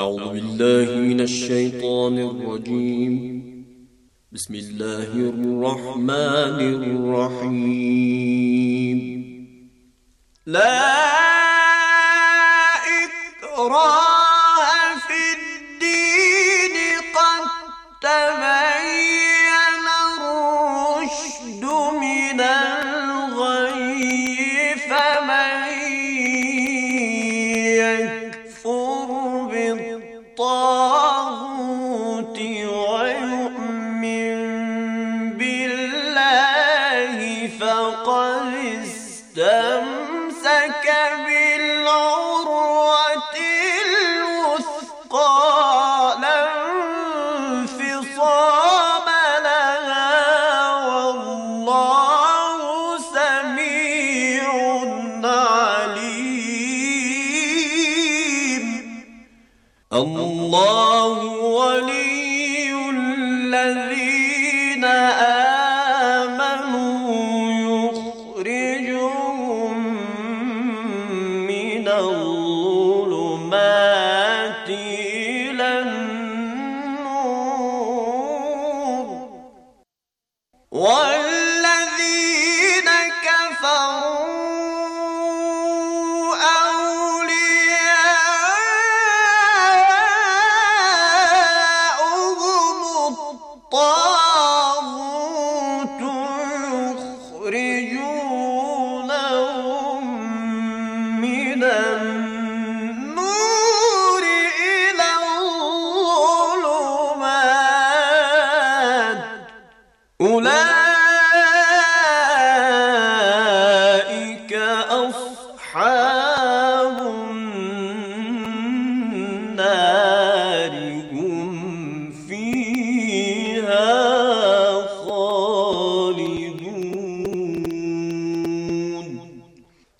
أعوذ بالله من الشيطان الرجيم بسم الله الرحمن الرحيم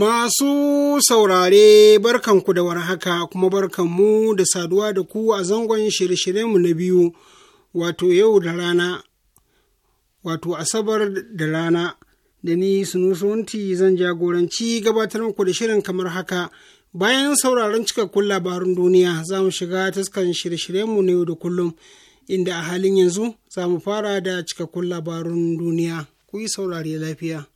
Masu saurare barkanku da warhaka kuma barkanmu da saduwa da ku a zangon shirye-shiryenmu na biyu wato yau da rana wato asabar da rana da ni sunusunti zan jagoranci gabatar muku da shirin kamar haka bayan sauraron cikakkun labarun duniya za mu shiga taskan shirye-shiryenmu na yau da kullum inda a halin yanzu za mu fara da cikakkun labarun duniya ku yi saurare lafiya.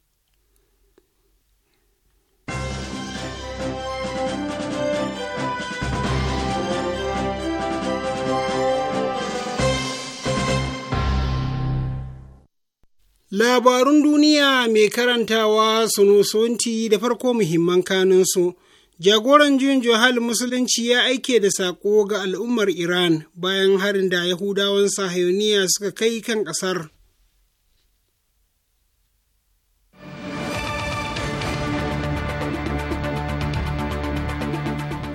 Labarun duniya mai karantawa sunusunti da farko muhimman kanunsu. Jagoran juyin Johal Musulunci ya aike da saƙo ga al'ummar Iran bayan harin da Yahudawan Sahayoniya suka kai kan ƙasar.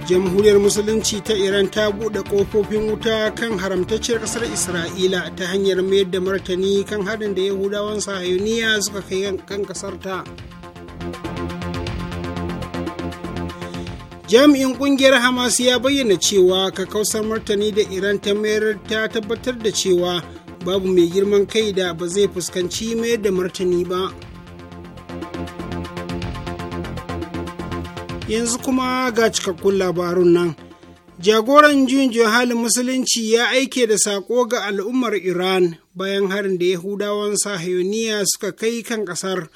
jamhuriyar musulunci ta iran ta bude kofofin wuta kan haramtacciyar kasar isra'ila ta hanyar mayar da martani kan haɗin da yahudawan sahayuniya suka kai kan kasarta. ta jami'in kungiyar hamas ya bayyana cewa kakausar martani da iran ta mayar ta tabbatar da cewa babu mai girman kai da ba zai fuskanci mayar da martani ba yanzu kuma ga cikakkun labarun nan jagoran juyin halin musulunci ya aike da sako ga al'ummar iran bayan harin da yahudawan sahayoniya suka kai kan ƙasar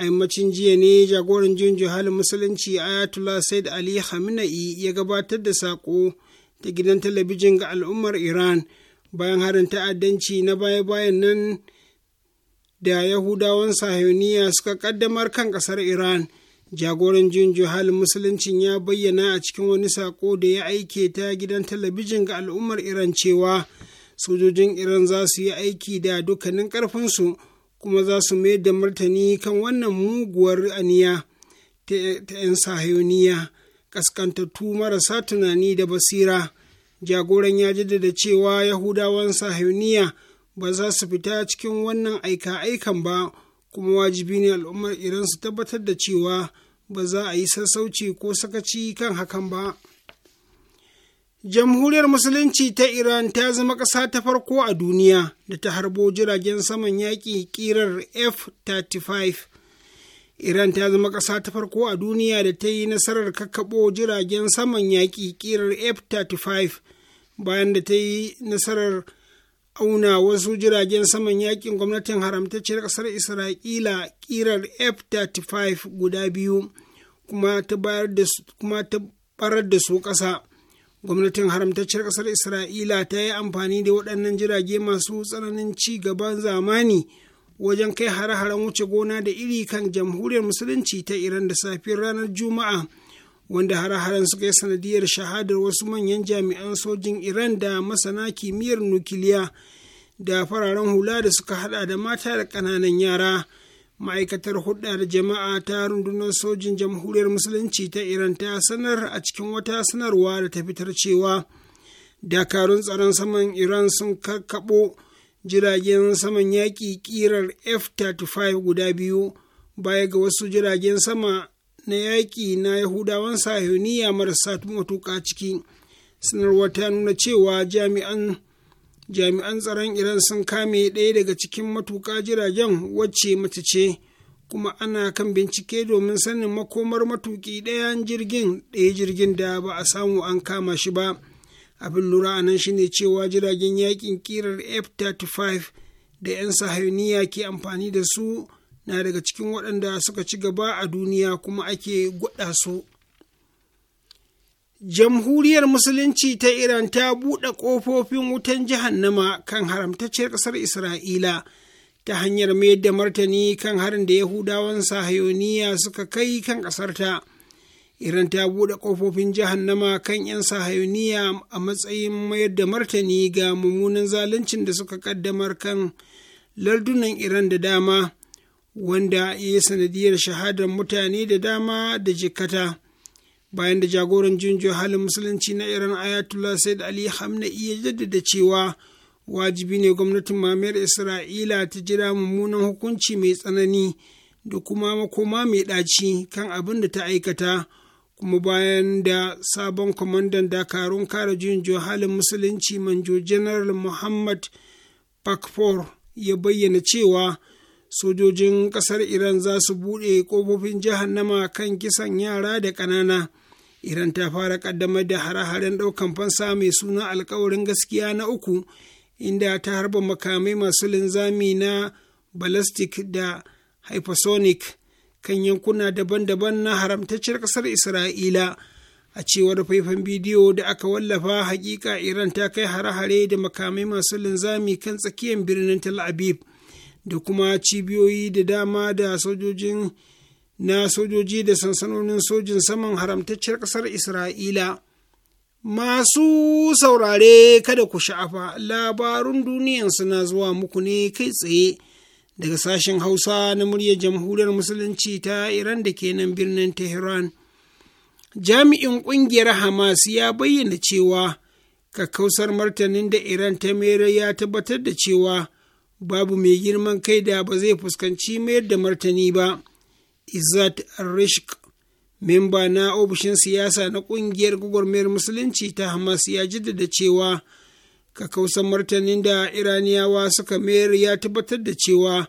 yammacin jiya ne jagoran juyin halin musulunci ayatollah said ali khamenei ya gabatar da sako ta gidan talabijin ga al'ummar iran bayan harin ta'addanci na baya-bayan nan da yahudawan sahayoniya suka ƙaddamar kan ƙasar iran jagoran junjo halin musuluncin ya bayyana a cikin wani sako da ya aike ta gidan talabijin ga al'ummar iran cewa sojojin iran za su yi aiki da dukkanin ƙarfinsu kuma za su mayar da martani kan wannan muguwar aniya ta 'yan sahayoniya kaskantattu marasa tunani da basira jagoran ya jaddada cewa yahudawan sahayoniya ba za su fita cikin wannan aika-aikan ba kuma wajibi ne al'ummar iran su tabbatar da cewa ba za a yi sassauci ko sakaci kan hakan ba jamhuriyar musulunci ta iran ta zama ƙasa ta farko a duniya da ta harbo jiragen saman yaƙi ƙirar f-35 iran ta zama ƙasa ta farko a duniya da ta yi nasarar kakkaɓo jiragen saman yaƙi ƙirar f-35 bayan da ta yi nasarar auna wasu jiragen saman yaƙin gwamnatin haramtacciyar ƙasar isra'ila ƙirar f-35 guda biyu kuma ta bayar da barar da su ƙasa gwamnatin haramtacciyar ƙasar isra'ila ta yi amfani da waɗannan jirage masu tsananin ci gaban zamani wajen kai hare-haren wuce gona da iri kan jamhuriyar musulunci ta iran da safiyar ranar juma'a wanda hare-haren suka yi sanadiyar shahadar wasu manyan jami'an sojin iran da masana kimiyyar nukiliya da fararen hula da suka hada da mata da ƙananan yara ma'aikatar hulɗa da jama'a ta rundunar sojin jamhuriyar musulunci ta iran ta sanar a cikin wata sanarwa da ta fitar cewa dakarun tsaron saman iran sun kakkaɓo jiragen saman yaƙi ƙirar f-35 guda biyu baya ga wasu jiragen sama na yaƙi na yahudawan sahiyoniya marasa matuƙa ciki sanarwa ta nuna cewa jami'an jami'an tsaron iran sun kame ɗaya daga cikin matuƙa jiragen wacce mace ce kuma ana kan bincike domin sanin makomar matuƙi ɗayan jirgin ɗaya jirgin da ba a samu an kama shi ba abin lura a nan shine cewa jiragen yakin kirar f-35 da 'yan sahayuniya ke amfani da su na daga cikin waɗanda suka ci gaba a duniya kuma ake gwada su jamhuriyar musulunci ta iran ta buɗe ƙofofin wutan jahannama kan haramtacciyar ƙasar isra'ila ta hanyar mayar da martani kan harin da yahudawan sahayoniya suka kai kan ƙasarta iran ta buɗe ƙofofin nama kan 'yan sahayoniya a matsayin mayar da martani ga mummunan zaluncin da suka ƙaddamar kan lardunan iran da dama wanda ya sanadiyar shahadar mutane da dama da jikata bayan da jagoran junjo halin musulunci na iran ayatollah said ali hamna ya jaddada cewa wajibi ne gwamnatin mamayar isra'ila ta jira mummunan hukunci mai tsanani da kuma makoma mai ɗaci kan abin da ta aikata kuma bayan da sabon kwamandan dakarun kare juyin halin musulunci manjo general muhammad pakfor ya bayyana cewa sojojin ƙasar iran za su buɗe ƙofofin jahannama kan kisan yara da ƙanana. iran ta fara kaddamar da hare-haren ɗaukan fansa mai suna alkawarin gaskiya na uku inda ta harba makamai masu linzami na ballistic da hypersonic kan yankuna daban-daban na haramtacciyar ƙasar isra'ila a cewar faifan bidiyo da aka wallafa hakika iran ta kai hare-hare da makamai masu linzami kan tsakiyar birnin tel da kuma cibiyoyi da dama da sojojin na sojoji da sansanonin sojin saman haramtacciyar ƙasar isra'ila masu saurare kada ku sha'afa labarun duniyan suna zuwa muku ne kai tsaye daga sashen hausa na muryar jamhuriyar musulunci ta iran da ke nan birnin tehran jami'in ƙungiyar hamas ya bayyana cewa kakkausar martanin da iran ta mayar ya tabbatar da cewa babu mai girman kai da ba zai fuskanci mayar da martani ba Izzat Rishk memba na ofishin siyasa na ƙungiyar gwagwarmayar musulunci ta Hamas ya jaddada cewa kakausan martanin da Iraniyawa suka mayar ya tabbatar da cewa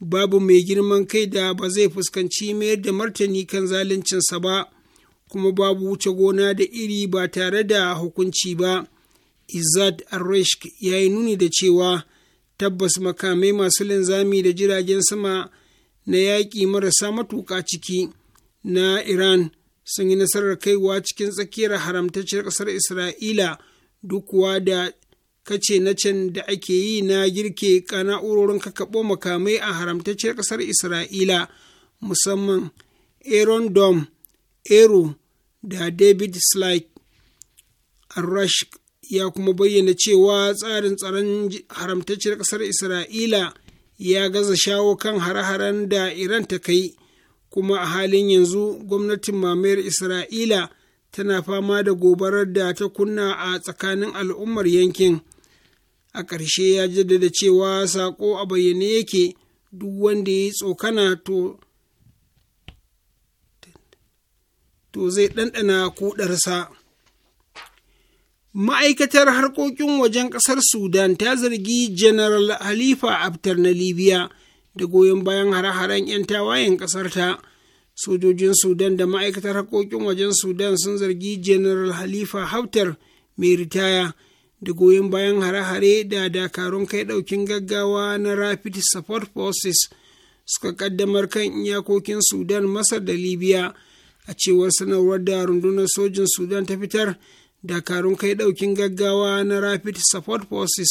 babu mai girman kai da ba zai fuskanci mayar da martani kan zaluncinsa ba kuma babu wuce gona da iri ba tare da hukunci ba. Izzat Rishk ya yi nuni da cewa tabbas makamai masu linzami da jiragen sama na yaƙi marasa matuƙa ciki na Iran sun yi nasarar kaiwa cikin tsakiyar haramtacciyar ƙasar Isra'ila duk kuwa da kace na can da ake yi na girke na'urorin kakaɓo makamai a haramtacciyar ƙasar Isra'ila musamman Aaron Dom, Ero da David Slyke Arrashk ya kuma bayyana cewa tsarin tsaron haramtacciyar ƙasar Isra'ila ya gaza shawo kan hare-haren da Iran ta kai, kuma a halin yanzu gwamnatin mamayar Isra'ila tana fama da gobarar da ta kunna a tsakanin al'ummar yankin. A ƙarshe ya jaddada cewa saƙo a bayyane yake duk wanda ya yi tsokana to. to zai ɗanɗana kuɗarsa. Ma'aikatar harkokin wajen ƙasar Sudan ta zargi General Halifa Abtar na Libya da goyon bayan hare-haren 'yan tawayen ƙasarta. ta. sojojin sudan da ma'aikatar harkokin wajen sudan sun zargi general halifa haftar mai ritaya da goyon bayan hare-hare da dakarun kai ɗaukin gaggawa na rapid support forces suka ƙaddamar kan iyakokin sudan masar da libya a cewar sanarwar da rundunar sojin sudan ta fitar dakarun kai ɗaukin gaggawa na rapid support forces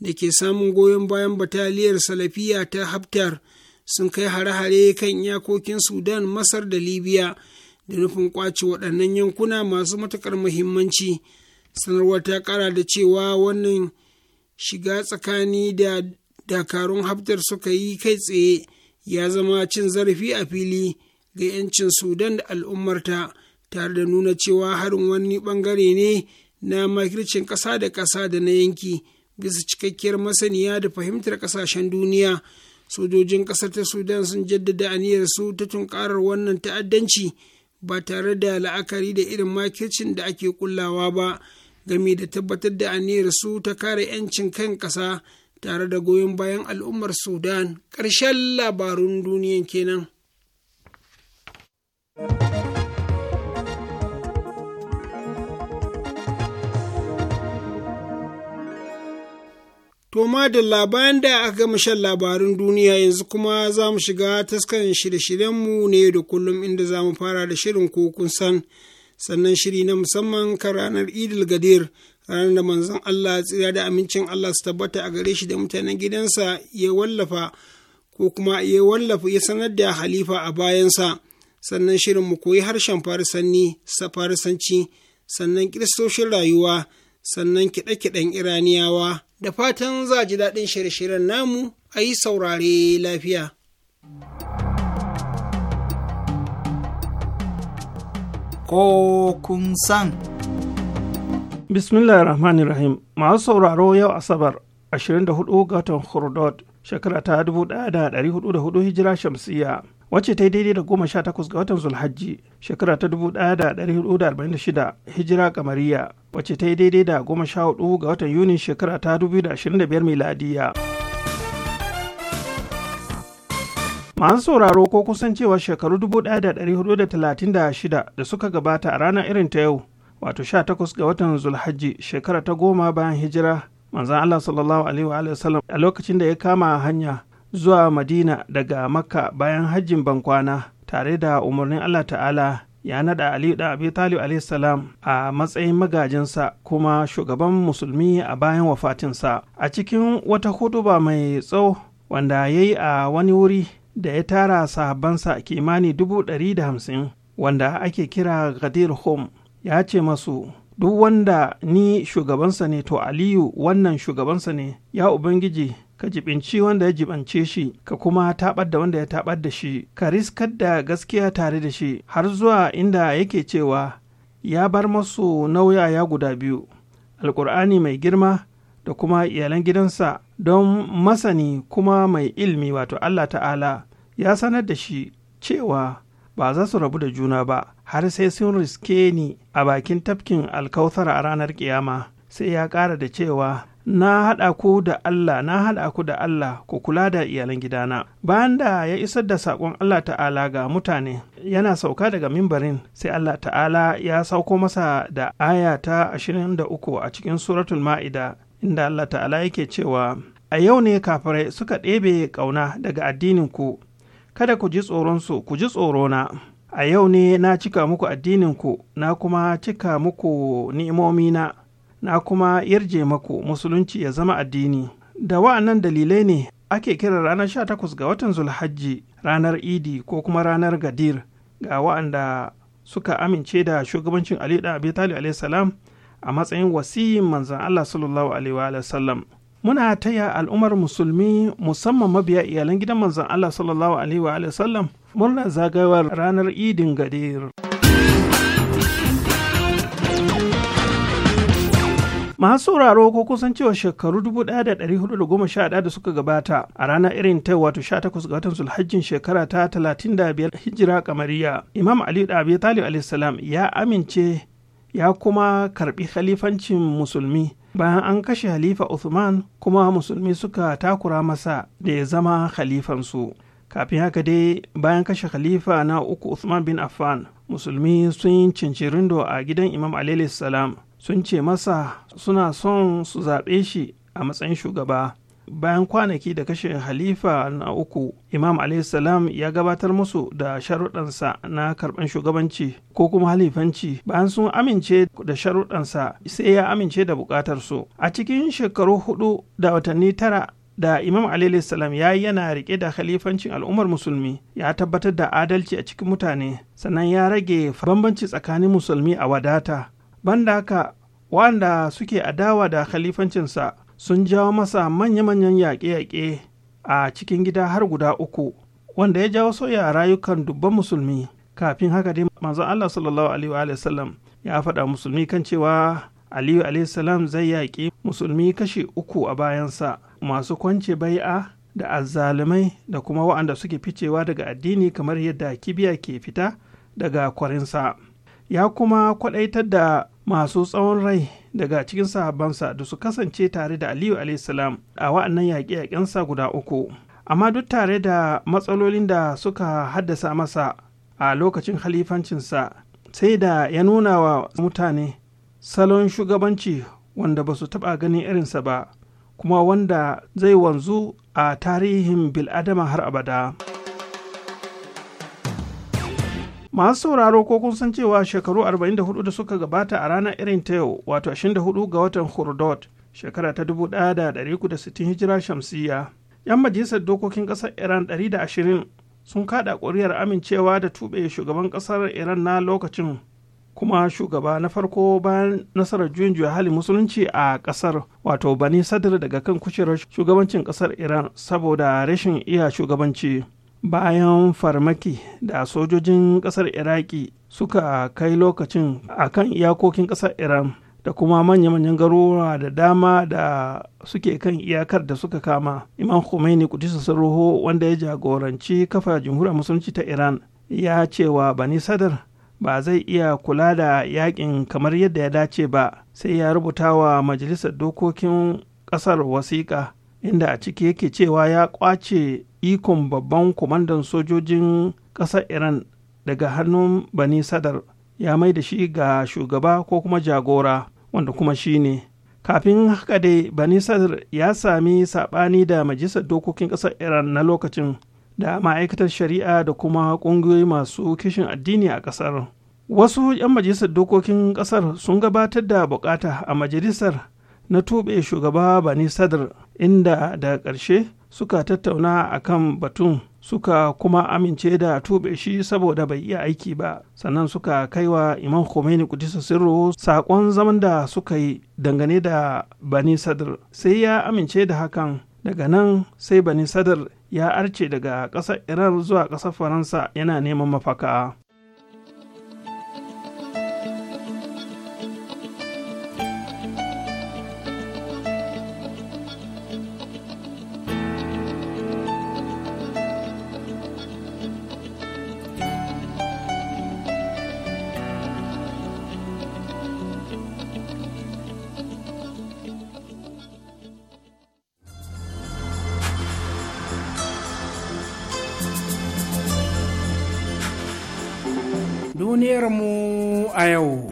da ke samun goyon bayan bataliyar salafiya ta haftar sun kai hare-hare kan yakokin sudan masar da libya da nufin kwace waɗannan yankuna masu matuƙar muhimmanci sanarwar ta ƙara da cewa wannan shiga tsakani da dakarun haftar suka yi kai tsaye ya zama cin zarafi a fili ga 'yancin sudan da al'ummarta tare da nuna cewa harin wani bangare ne na makircin ƙasa da ƙasa da na yanki bisa cikakkiyar masaniya da fahimtar ƙasashen duniya sojojin ƙasar ta sudan sun jaddada aniyar su ta tunkarar wannan ta'addanci ba tare da la'akari da irin makircin da ake kullawa ba game da tabbatar da aniyar su ta kare 'yancin kan ƙasa tare da goyon bayan al'ummar sudan ƙarshen labarun duniyan kenan. To madalla bayan da aka gama shan labarun duniya yanzu kuma za mu shiga taskan shirye-shiryenmu ne da kullum inda za mu fara da shirin ko kun san sannan shiri na musamman kan ranar idil gadir ranar da manzon Allah tsira da amincin Allah su tabbata a gare shi da mutanen gidansa ya wallafa ko kuma ya wallafa ya sanar da halifa a bayansa sannan shirin mu koyi harshen farisanni farisanci sannan kiristoshin rayuwa sannan kiɗe-kiɗen iraniyawa da fatan za ji daɗin shirye-shiryen namu a yi saurare lafiya. Ko kun san. Bismillahir Rahmanir Rahim, masu sauraro yau Asabar 24 ga watan Hurdod, shekara ta 1404 Hijira Shamsiyya. wacce ta yi daidai da goma sha takwas ga watan zulhajji shekara ta dubu ɗaya da ɗari hudu da arba'in da shida hijira kamariya wacce ta yi daidai da goma sha hudu ga watan yuni shekara ta dubu da ashirin da biyar miladiya. an sauraro ko kusan cewa shekaru dubu ɗaya da ɗari hudu da talatin da shida da suka gabata a ranar irin ta yau wato sha takwas ga watan zulhajji shekara ta goma bayan hijira manzan allah sallallahu alaihi wa sallam a lokacin da ya kama hanya zuwa madina daga makka bayan hajjin bankwana tare da umarnin allah ta'ala ya nada Aliyu da abi talib salam a matsayin magajinsa kuma shugaban musulmi a bayan wafatinsa a cikin wata hutuba mai tsawo wanda ya yi a wani wuri da ya tara sahabbansa kimani dubu ɗari da hamsin wanda ake kira gadir home ya ce masu duk wanda ni shugabansa ne to aliyu wannan shugabansa ne ya ubangiji ka jibinci wanda ya jibance shi ka kuma taɓar da wanda ya taɓar da shi ka riskar da gaskiya tare da shi har zuwa inda yake cewa ya bar masu nauyaya guda biyu alkur'ani mai girma da kuma iyalan gidansa don masani kuma mai ilmi wato allah ta'ala ya sanar da shi cewa ba za su rabu da juna ba har sai sun riske ni a bakin tafkin alkautar a ranar kiyama sai ya ƙara da cewa na haɗa ku da Allah na haɗa ku da Allah ku kula da iyalan gidana bayan da ya isar da saƙon Allah ta'ala ga mutane yana sauka daga mimbarin sai Allah ta'ala ya sauko masa da aya ta 23 a cikin suratul ma'ida inda Allah ta'ala yake cewa a yau ne kafirai suka ɗebe ƙauna daga addinin ku kada ku ji tsoron su ku ji tsoro na. a yau ne na cika muku addinin ku na kuma cika muku ni'imomina na kuma yarje mako musulunci ya zama addini da wa'annan dalilai ne ake kira ranar 18 ga watan zulhajji ranar idi ko kuma ranar gadir ga wa'anda suka amince da shugabancin ali da abi talib salam a matsayin wasiyin manzan allah sallallahu alaihi wa sallam muna taya al'ummar musulmi musamman mabiya iyalan gidan manzan allah sallallahu alaihi wa sallam murnar zagayowar ranar idin gadir. masu sauraro ko kusan cewa shekaru 1411 da suka gabata a rana irin ta wato 18 ga watan sulhajjin shekara ta 35 hijira kamariya imam ali da abi talib alaihissalam ya amince ya kuma karbi khalifancin musulmi bayan an kashe halifa Uthman kuma musulmi suka takura masa da ya zama khalifansu kafin haka dai bayan kashe khalifa na uku Uthman bin Affan musulmi sun yi cincirindo a gidan imam alaihi sun ce masa suna son su zaɓe shi a matsayin shugaba bayan kwanaki da kashe halifa na uku imam salam ya gabatar musu da sharuɗansa na karɓar shugabanci ko kuma halifanci bayan sun amince da sharuɗansa sai ya amince da buƙatarsu a cikin shekaru hudu da watanni tara da imam salam ya yi yana riƙe da khalifancin al'ummar musulmi ya tabbatar da adalci a cikin mutane sannan ya rage bambanci tsakanin musulmi a wadata banda haka waɗanda suke adawa da khalifancinsa sun jawo masa manya-manyan yaƙe-yaƙe a cikin gida har guda uku wanda ya jawo soya rayukan dubban musulmi kafin haka dai manzon Allah sallallahu alaihi wa sallam ya faɗa musulmi kan cewa Aliyu alaihi zai yaƙi musulmi kashi uku a bayansa masu kwance bai'a da azzalumai da kuma wa'anda suke ficewa daga addini kamar yadda kibiya ke fita daga kwarinsa ya kuma kwaɗaitar da masu tsawon rai daga cikin sahabbansa da su kasance tare da aliyu salam a wa'annan yaƙe-yaƙensa guda uku amma duk tare da matsalolin da suka haddasa masa a lokacin halifancinsa sai da ya nuna wa mutane salon shugabanci wanda ba su taɓa ganin irinsa ba kuma wanda zai wanzu a tarihin bil'adama har abada. masu sauraro ko kun san cewa shekaru 44 da suka gabata a ranar irin ta yau wato 24 ga watan hurdot shekara ta 1160 hijira shamsiyya yan majalisar dokokin ƙasar iran 120 sun kada ƙuri'ar amincewa da tube shugaban ƙasar iran na lokacin kuma shugaba na farko bayan nasarar juyin juya hali musulunci a ƙasar wato bani sadar daga kan kushirar shugabancin ƙasar iran saboda rashin iya shugabanci bayan farmaki da sojojin ƙasar iraki suka kai lokacin a kan iyakokin ƙasar iran da kuma manya-manyan garuruwa da dama da suke kan iyakar da suka kama imam khomeini kudisa saruho wanda ya jagoranci kafa jamhuriyar musulunci ta iran ya cewa bani sadar ba zai iya kula da yakin kamar yadda ya dace ba sai ya rubuta wa majalisar dokokin ƙasar wasiƙa inda a ciki yake cewa ya ƙwace ikon babban kwamandan sojojin ƙasar iran daga hannun bani sadar ya mai da shi ga shugaba ko kuma jagora wanda kuma shi ne kafin haka dai bani sadar ya sami saɓani da majalisar dokokin ƙasar iran na lokacin da ma'aikatar shari'a da kuma ƙungiyoyi masu kishin addini a ƙasar wasu 'yan majalisar dokokin ƙasar sun gabatar da bukata a majalisar na tuɓe shugaba bani sadar inda da ƙarshe suka tattauna a kan batun suka kuma amince da tube shi saboda bai iya aiki ba sannan suka kaiwa imam khomeini kudisa sirro saƙon zaman da suka yi dangane da bani sadr sai ya amince da hakan daga nan sai bani sadr ya arce daga ƙasar iran zuwa ƙasar faransa yana neman mafaka yau.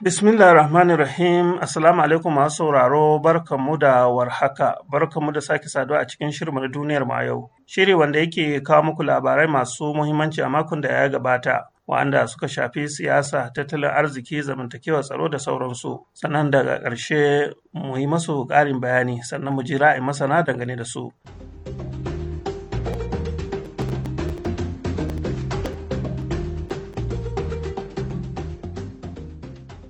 Bismillah rahman rahim Assalamu alaikum masu sauraro barkanmu da warhaka barkanmu da sake saduwa a cikin shirin duniyar ma yau. Shiri wanda yake kawo muku labarai masu muhimmanci a makon da ya gabata. wa'anda suka shafi siyasa, tattalin arziki, zamantakewa tsaro da sauransu. Sannan daga ƙarshe mu yi masu ƙarin bayani sannan mu ji ra'ayin masana dangane da su.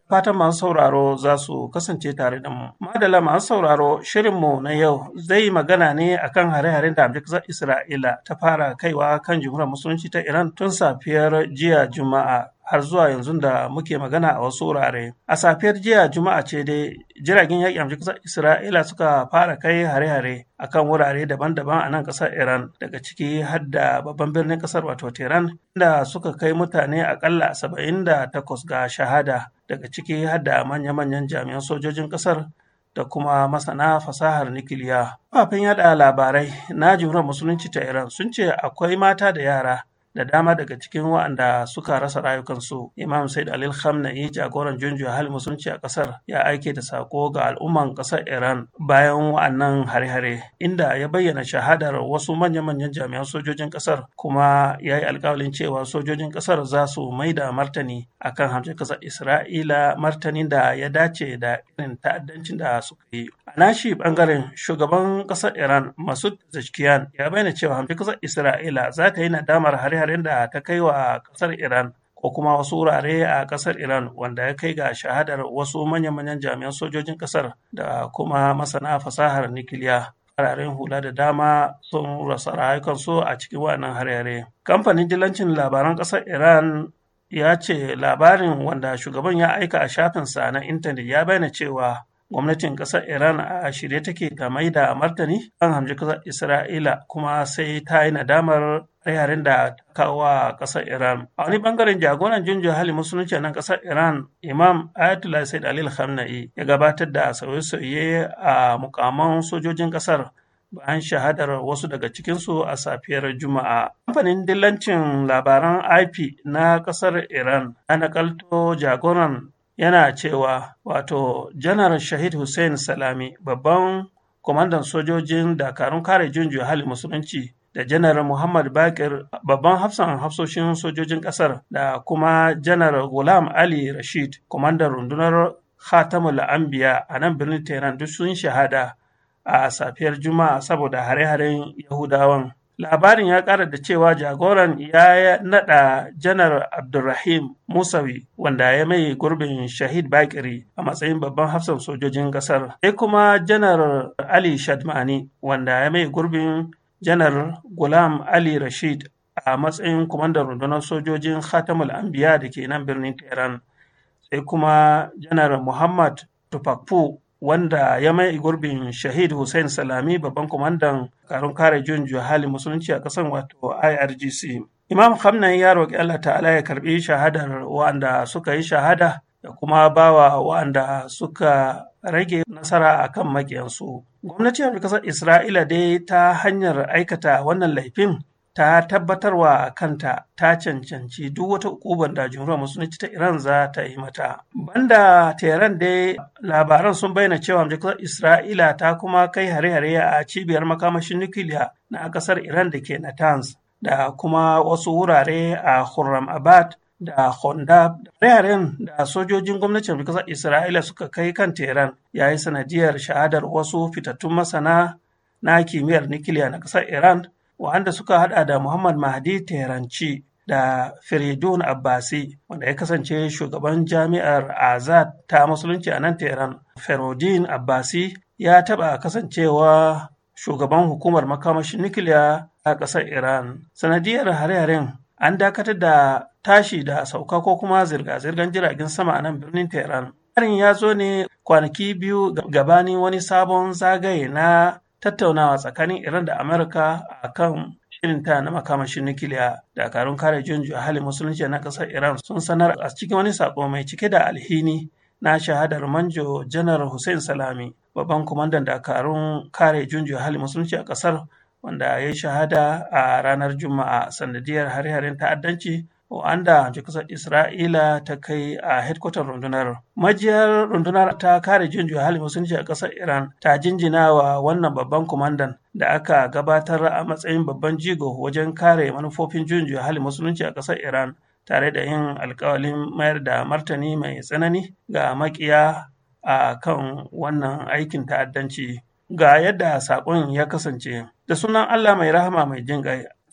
fatan masu sauraro za su kasance tare da mu. Madala masu sauraro shirinmu na yau zai magana ne akan hare-haren da Amurka Isra'ila ta fara kaiwa kan jimhuriyar musulunci ta Iran tun safiyar jiya Juma'a har zuwa yanzu da muke magana a wasu wurare. A safiyar jiya Juma'a ce dai jiragen yaƙi amshi ƙasar Isra'ila suka fara kai hare-hare a kan wurare daban-daban a nan ƙasar Iran daga ciki har da babban birnin ƙasar wato Tehran da suka kai mutane aƙalla saba'in da takwas ga shahada daga ciki har da manya-manyan jami'an sojojin ƙasar da kuma masana fasahar nikiliya. Fafin yada labarai na jimurar musulunci ta Iran sun ce akwai mata da yara da dama daga cikin waɗanda suka rasa rayukansu imam said alil yi jagoran junju hal musulunci a ƙasar ya aike da sako ga al'umman kasar iran bayan wa'annan hare-hare inda ya bayyana shahadar wasu manya-manyan jami'an sojojin kasar kuma ya yi alƙawalin cewa sojojin kasar za su mai da martani akan hamshin ƙasar isra'ila martanin da ya dace da irin ta'addancin da suka yi a nashi bangaren shugaban ƙasar iran masud zashkiyan ya bayyana cewa hamshin kasar isra'ila za ta yi nadamar hare-hare hare da ta kai wa ƙasar Iran ko kuma wasu wurare a ƙasar Iran wanda ya kai ga shahadar wasu manya-manyan jami'an sojojin ƙasar da kuma masana fasahar nikiliya. Fararen hula da dama sun rasa rayukansu a cikin wannan har yare. Kamfanin dilancin labaran ƙasar Iran ya ce labarin wanda shugaban ya aika a shafinsa na intanet ya bayyana cewa gwamnatin ƙasar iran a shirye take ta mai da martani an hamji kasar isra'ila kuma sai ta yi nadamar yaren da ta kawo wa ƙasar iran a wani bangaren jagoran junjo hali musulunci nan ƙasar iran imam ayatollah said alil khamenei ya gabatar da sauye-sauye a mukamman sojojin ƙasar bayan shahadar wasu daga cikin su a safiyar Juma'a. Kamfanin dillancin labaran IP na ƙasar Iran ana nakalto jagoran yana cewa wato janar shahid hussein salami babban kwamandan sojojin dakarun kare junju hali musulunci da janar muhammad bakir babban hafsan hafsoshin sojojin kasar da kuma janar gulam ali rashid kwamandan rundunar khatamul anbiya a nan birnin tehran duk sun shahada a safiyar juma'a saboda hare-haren yahudawan Labarin ya ƙara da cewa jagoran ya naɗa janar Abdulrahim Musawi wanda ya mai gurbin Shahid Bakiri a matsayin babban hafsan sojojin ƙasar. Sai kuma janar Ali Shadmani wanda ya mai gurbin janar Gulam Ali Rashid a matsayin kumandan rundunar sojojin Khatamul Anbiya da ke nan birnin Tehran. Sai kuma janar Muhammad tupakpu wanda ya mai gurbin shahid hussein salami babban kwamandan karun kare juyin hali musulunci a kasan wato irgc imam hamnan ya roƙi allah ta'ala ya karbi shahadar wa'anda suka yi shahada da kuma bawa wa'anda suka rage nasara a kan maƙiyansu gwamnatin kasar isra'ila dai ta hanyar aikata wannan laifin ta tabbatarwa kanta ta cancanci duk wata hukumar da jumhuriyar musulunci ta Iran za ta yi mata. Banda Tehran dai labaran sun bayyana cewa amjakar Isra'ila ta kuma kai hare-hare a cibiyar makamashin nukiliya na kasar Iran da ke Natanz da kuma wasu wurare a Khurram Abad da Honda hare-haren da sojojin gwamnatin kasar Isra'ila suka kai kan Tehran ya yi sanadiyar shahadar wasu fitattun masana na kimiyyar nukiliya na kasar Iran wa'anda suka haɗa da Muhammad Mahdi Teranci da Firidun Abbasi wanda ya kasance shugaban jami'ar Azad ta musulunci a nan Teheran. Ferodin Abbasi ya taɓa kasancewa shugaban hukumar makamashin nukiliya a ƙasar Iran. Sanadiyar hare-haren an dakatar da tashi da sauka ko kuma zirga-zirgar jiragen sama a nan birnin Teheran. Harin ya zo ne kwanaki biyu gabanin wani sabon zagaye na tattaunawa tsakanin Iran da Amurka a kan shirinta na makamashin nukiliya dakarun kare junju a halin musulunci na ƙasar Iran sun sanar a cikin wani sako mai cike da alhini na shahadar manjo janar Hussein Salami babban kwamandan dakarun kare junju a halin musulunci a ƙasar wanda ya yi shahada a ranar Juma'a sanadiyar hare-haren ta'addanci wanda kasar isra'ila ta kai a hedkwatar rundunar majiyar rundunar ta kare jin halin musulunci a ƙasar iran ta jinjina wa wannan babban kumandan, da aka gabatar a matsayin babban jigo wajen kare manufofin jin halin musulunci a ƙasar iran tare da yin alkawalin mayar da martani mai tsanani ga makiya a kan wannan aikin ta'addanci ga yadda saƙon ya kasance da sunan allah mai rahama mai jin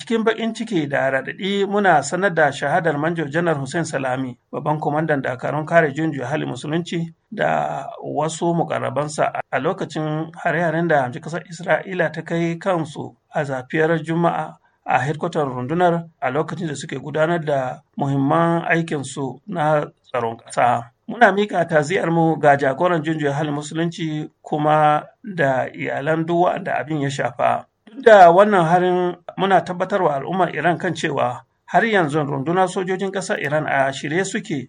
cikin bakin ciki da raɗaɗi muna sanar da shahadar manjo janar hussein salami babban kwamandan dakarun kare junju hali musulunci da wasu mukarrabansa a lokacin hare-haren da hamci ƙasar isra'ila ta kai kansu a zafiyar juma'a a hedkwatar rundunar a lokacin da suke gudanar da muhimman aikinsu na tsaron ƙasa. Muna miƙa taziyarmu ga jagoran junjiyar hali musulunci kuma da iyalan duk wanda abin ya shafa. da wannan harin muna tabbatar wa al'ummar Iran kan cewa har yanzu rundunar sojojin ƙasar Iran a shirye suke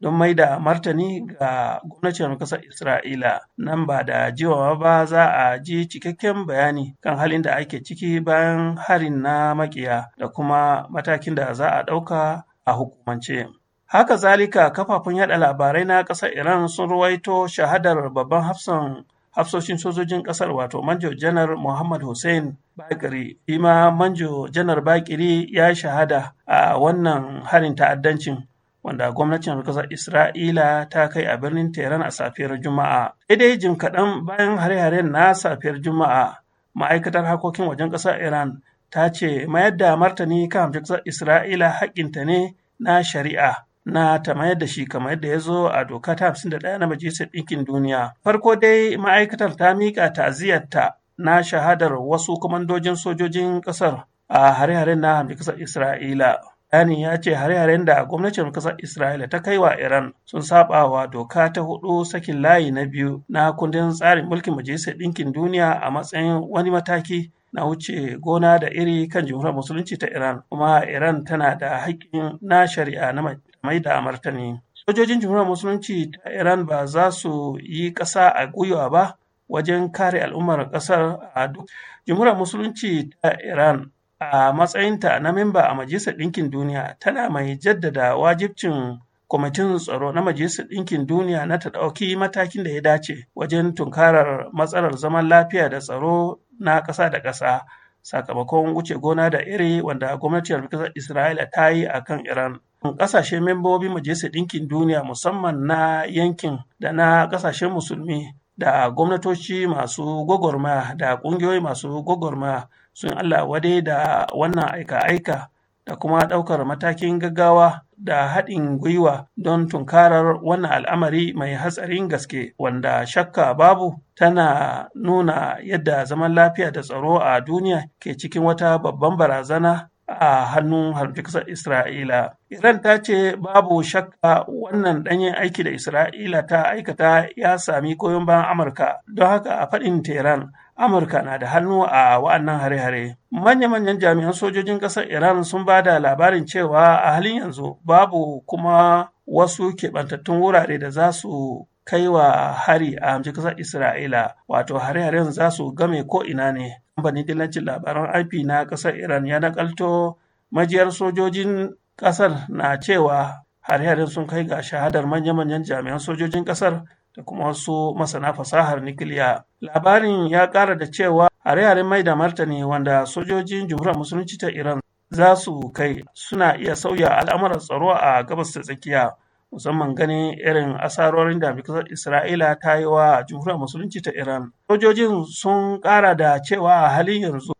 don mai da martani ga gwamnatin ƙasar Isra'ila nan ba da jiwawa ba za a ji cikakken bayani kan halin da ake ciki bayan harin na makiya da kuma matakin da za a ɗauka a hukumance. Haka zalika kafafun yada labarai na ƙasar Iran sun ruwaito shahadar babban hafsan hafsoshin sojojin kasar wato manjo janar muhammad hussein bakiri ima manjo janar bakiri ya shahada a wannan harin ta'addancin wanda gwamnatin rikasar isra'ila ta kai a birnin teran a safiyar juma'a idai jim kaɗan bayan hare-haren na safiyar juma'a ma'aikatar harkokin wajen ƙasar iran ta ce mayar da martani kan hamshin ƙasar isra'ila haƙƙinta ne na shari'a na ta mayar da shi kamar yadda ya zo a doka ta 51 na majalisar ɗinkin duniya. Farko dai ma'aikatar ta miƙa ta'aziyarta na shahadar wasu kwamandojin sojojin ƙasar a hare-haren na ƙasar Isra'ila. Yani ya ce hare-haren da gwamnatin ƙasar Isra'ila ta kai wa Iran sun saba wa doka ta hudu sakin layi na biyu na kundin tsarin mulkin majalisar ɗinkin duniya a matsayin wani mataki na wuce gona da iri kan jimhuriyar musulunci ta Iran kuma Iran tana da haƙƙin na shari'a na mai da martani sojojin jamhuriyar musulunci ta iran ba za su yi ƙasa a gwiwa ba wajen kare al'ummar ƙasar a duk jamhuriyar musulunci ta iran a matsayinta na memba a majalisar ɗinkin duniya tana mai jaddada wajibcin kwamitin tsaro na majalisar ɗinkin duniya na ta ɗauki matakin da ya dace wajen tunkarar matsalar zaman lafiya da tsaro na ƙasa da ƙasa sakamakon wuce gona da iri wanda gwamnatin Isra'ila ta yi a kan Iran. Ƙasashe membobin Majalisar Ɗinkin Duniya musamman na yankin da na ƙasashen musulmi da gwamnatoci masu gwagwarma da ƙungiyoyi masu gwagwarma sun Allah wade da wannan aika-aika da kuma ɗaukar matakin gaggawa da haɗin gwiwa don tunkarar wannan al'amari mai hatsarin gaske wanda shakka babu tana nuna yadda zaman lafiya da tsaro a duniya ke cikin wata babban barazana a hannun harbi kasar Isra'ila. Iran ta ce babu shakka wannan ɗanyen aiki da Isra'ila ta aikata ya sami koyon bayan Amurka, don haka a faɗin Tehran Amurka na da hannu a wa'annan hare-hare. Manya-manyan jami'an sojojin ƙasar Iran sun ba da labarin cewa a halin yanzu babu kuma wasu keɓantattun wurare da za su kai wa hari a hamji ƙasar Isra'ila, wato hare-haren za su game ko ina ne. kamfanin dillacin labaran IP na ƙasar Iran ya nakalto majiyar sojojin ƙasar na cewa hare-haren sun kai ga shahadar manya-manyan jami'an sojojin ƙasar da kuma wasu masana fasahar nikiliya. Labarin ya ƙara da cewa hare-haren mai da martani wanda sojojin jumhuriyar musulunci ta Iran za su kai suna iya sauya al'amuran tsaro a gabas ta tsakiya. musamman ganin irin asarorin da Isra'ila ta yi wa jumhuriyar musulunci ta Iran. Sojojin sun ƙara da cewa a halin yanzu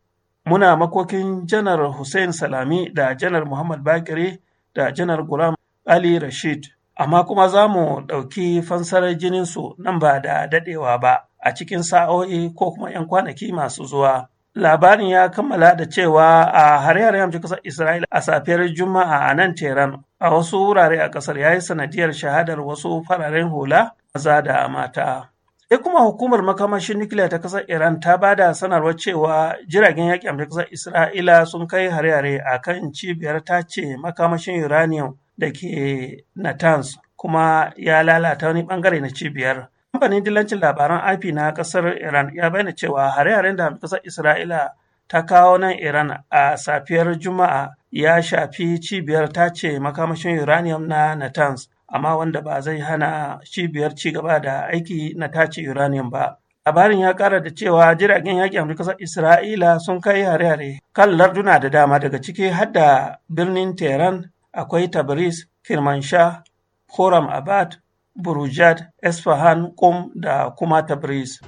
muna makokin janar Hussein Salami da janar Muhammad Bakiri da janar Guram Ali Rashid. Amma kuma za mu ɗauki fansarar jininsu nan ba da daɗewa ba a cikin sa'o'i ko kuma 'yan kwanaki masu zuwa. Labarin ya kammala da cewa a hare-hare kasar Isra'ila a safiyar Juma'a a nan Tehran a wasu wurare a ƙasar ya yi sanadiyar shahadar wasu fararen hula maza da mata. Sai kuma hukumar makamashin nukiliya ta ƙasar Iran ta ba da sanarwar cewa jiragen yaƙi amurka ƙasar Isra'ila sun kai hare-hare a kan cibiyar tace makamashin uranium da ke Natanz kuma ya lalata wani bangare na cibiyar. Kamfanin dillancin labaran IP na ƙasar Iran ya bayyana cewa hare-haren da ƙasar Isra'ila ta kawo nan Iran a safiyar Juma'a ya shafi cibiyar ta ce makamashin uranium na Natanz, amma wanda ba zai hana cibiyar cigaba da aiki na tace uranium ba. Labarin ya kara da cewa jiragen yakin Amurka Isra'ila sun kai hare-hare kan larduna da dama daga ciki har da birnin Tehran akwai Tabriz, Kirmansha, horam Abad, Burujad, Esfahan, Qom da kuma Tabriz.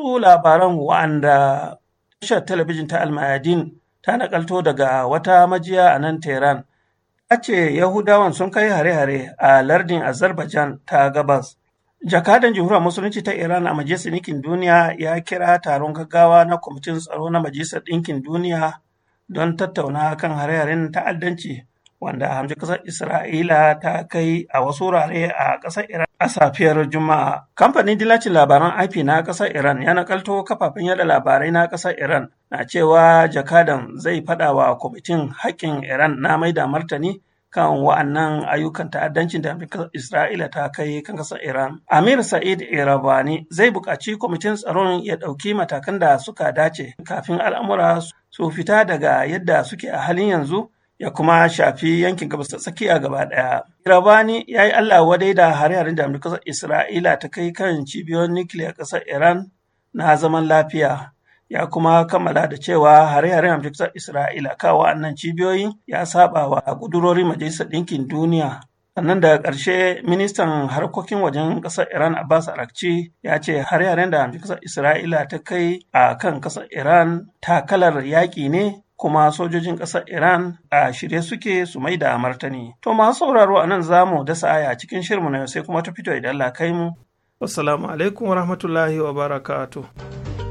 wasu labaran wa'anda tashar talabijin ta almayadin ta nakalto daga wata majiya a nan tehran a ce yahudawan sun kai hare-hare a lardin azerbaijan ta gabas jakadan jihuwar musulunci ta iran a majalisar ɗinkin duniya ya kira taron gaggawa na kwamitin tsaro na majalisar ɗinkin duniya don tattauna kan hare-haren ta'addanci wanda hamji ƙasar isra'ila ta kai a wasu wurare a ƙasar iran A safiyar Juma'a, kamfanin dilacin labaran IP na ƙasar Iran ya nakalto kafafen yada labarai na ƙasar Iran na cewa jakadan zai faɗa wa kwamitin haƙƙin Iran na mai da martani kan wa'annan ayyukan ta'addancin da Isra'ila ta kai kan ƙasar Iran. Amir Sa'id Irabani zai buƙaci kwamitin tsaron ya ɗauki matakan da suka dace kafin al'amura su fita daga yadda suke a halin yanzu ya kuma shafi yankin gabas ta tsakiya gaba ɗaya. Irabani ya yi Allah wadai da hare-haren da Amurka Isra'ila ta kai kan cibiyoyin nukiliyar ƙasar Iran na zaman lafiya. Ya kuma kammala da cewa hare-haren Amurka Isra'ila kawo annan cibiyoyi ya saba wa kudurori Majalisar Ɗinkin Duniya. Sannan daga ƙarshe ministan harkokin wajen ƙasar Iran Abbas Arakci ya ce hare-haren da Amurka Isra'ila ta kai a kan ƙasar Iran takalar yaƙi ne kuma sojojin ƙasar Iran a shirye suke su mai da martani. To masu sauraro a nan zamu dasa aya cikin shirmu na sai kuma ta fito idan Allah kai mu. Assalamu alaikum wa rahmatullahi wa barakatuh.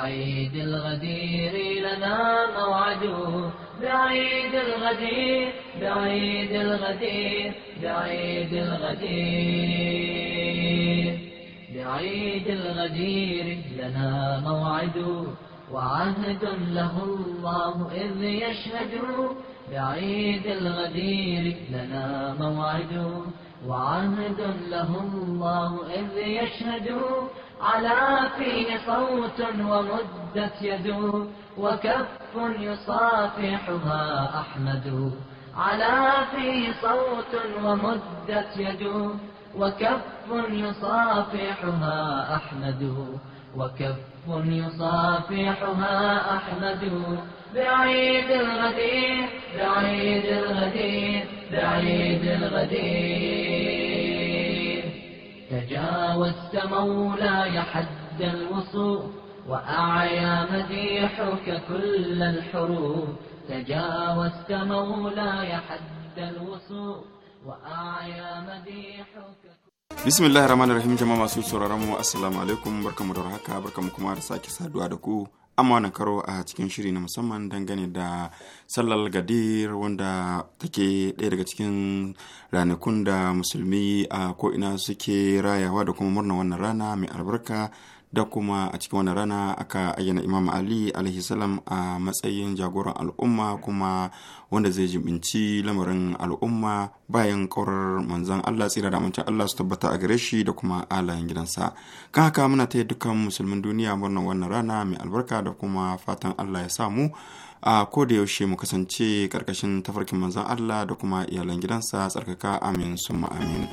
بعيد الغدير لنا موعد بعيد الغدير بعيد الغدير بعيد الغدير بعيد الغدير لنا موعد وعهد له الله إذ يشهد بعيد الغدير لنا موعد وعهد له الله إذ يشهد على فيه صوت ومدت يد وكف يصافحها أحمد على فيه صوت ومدت يد وكف يصافحها أحمد وكف يصافحها أحمد بعيد الغدير بعيد الغدير بعيد الغدير تجاوزت مولاي حد الوصول وأعيا مديحك كل الحروب تجاوزت مولاي حد الوصول وأعيا مديحك بسم الله الرحمن الرحيم جماعة سورة رمو السلام عليكم بركة barkamu بركة مكمار ساكي kuma da amma wani karo a cikin shiri na musamman dangane da sallar gadir wanda take ɗaya daga cikin ranakun da musulmi a ko'ina suke rayawa da kuma murna wannan rana mai albarka da kuma a cikin wani rana aka ayyana imam ali alaihi salam a matsayin jagoran al'umma kuma wanda zai jibinci lamarin al'umma bayan kaurar manzan allah tsira da amincin allah su tabbata a gare shi da kuma alayen gidansa kan haka muna taya dukkan musulmin duniya murnar wannan rana mai albarka da kuma fatan allah ya samu a ko da yaushe mu kasance karkashin tafarkin manzan allah da kuma iyalan gidansa tsarkaka amin summa amin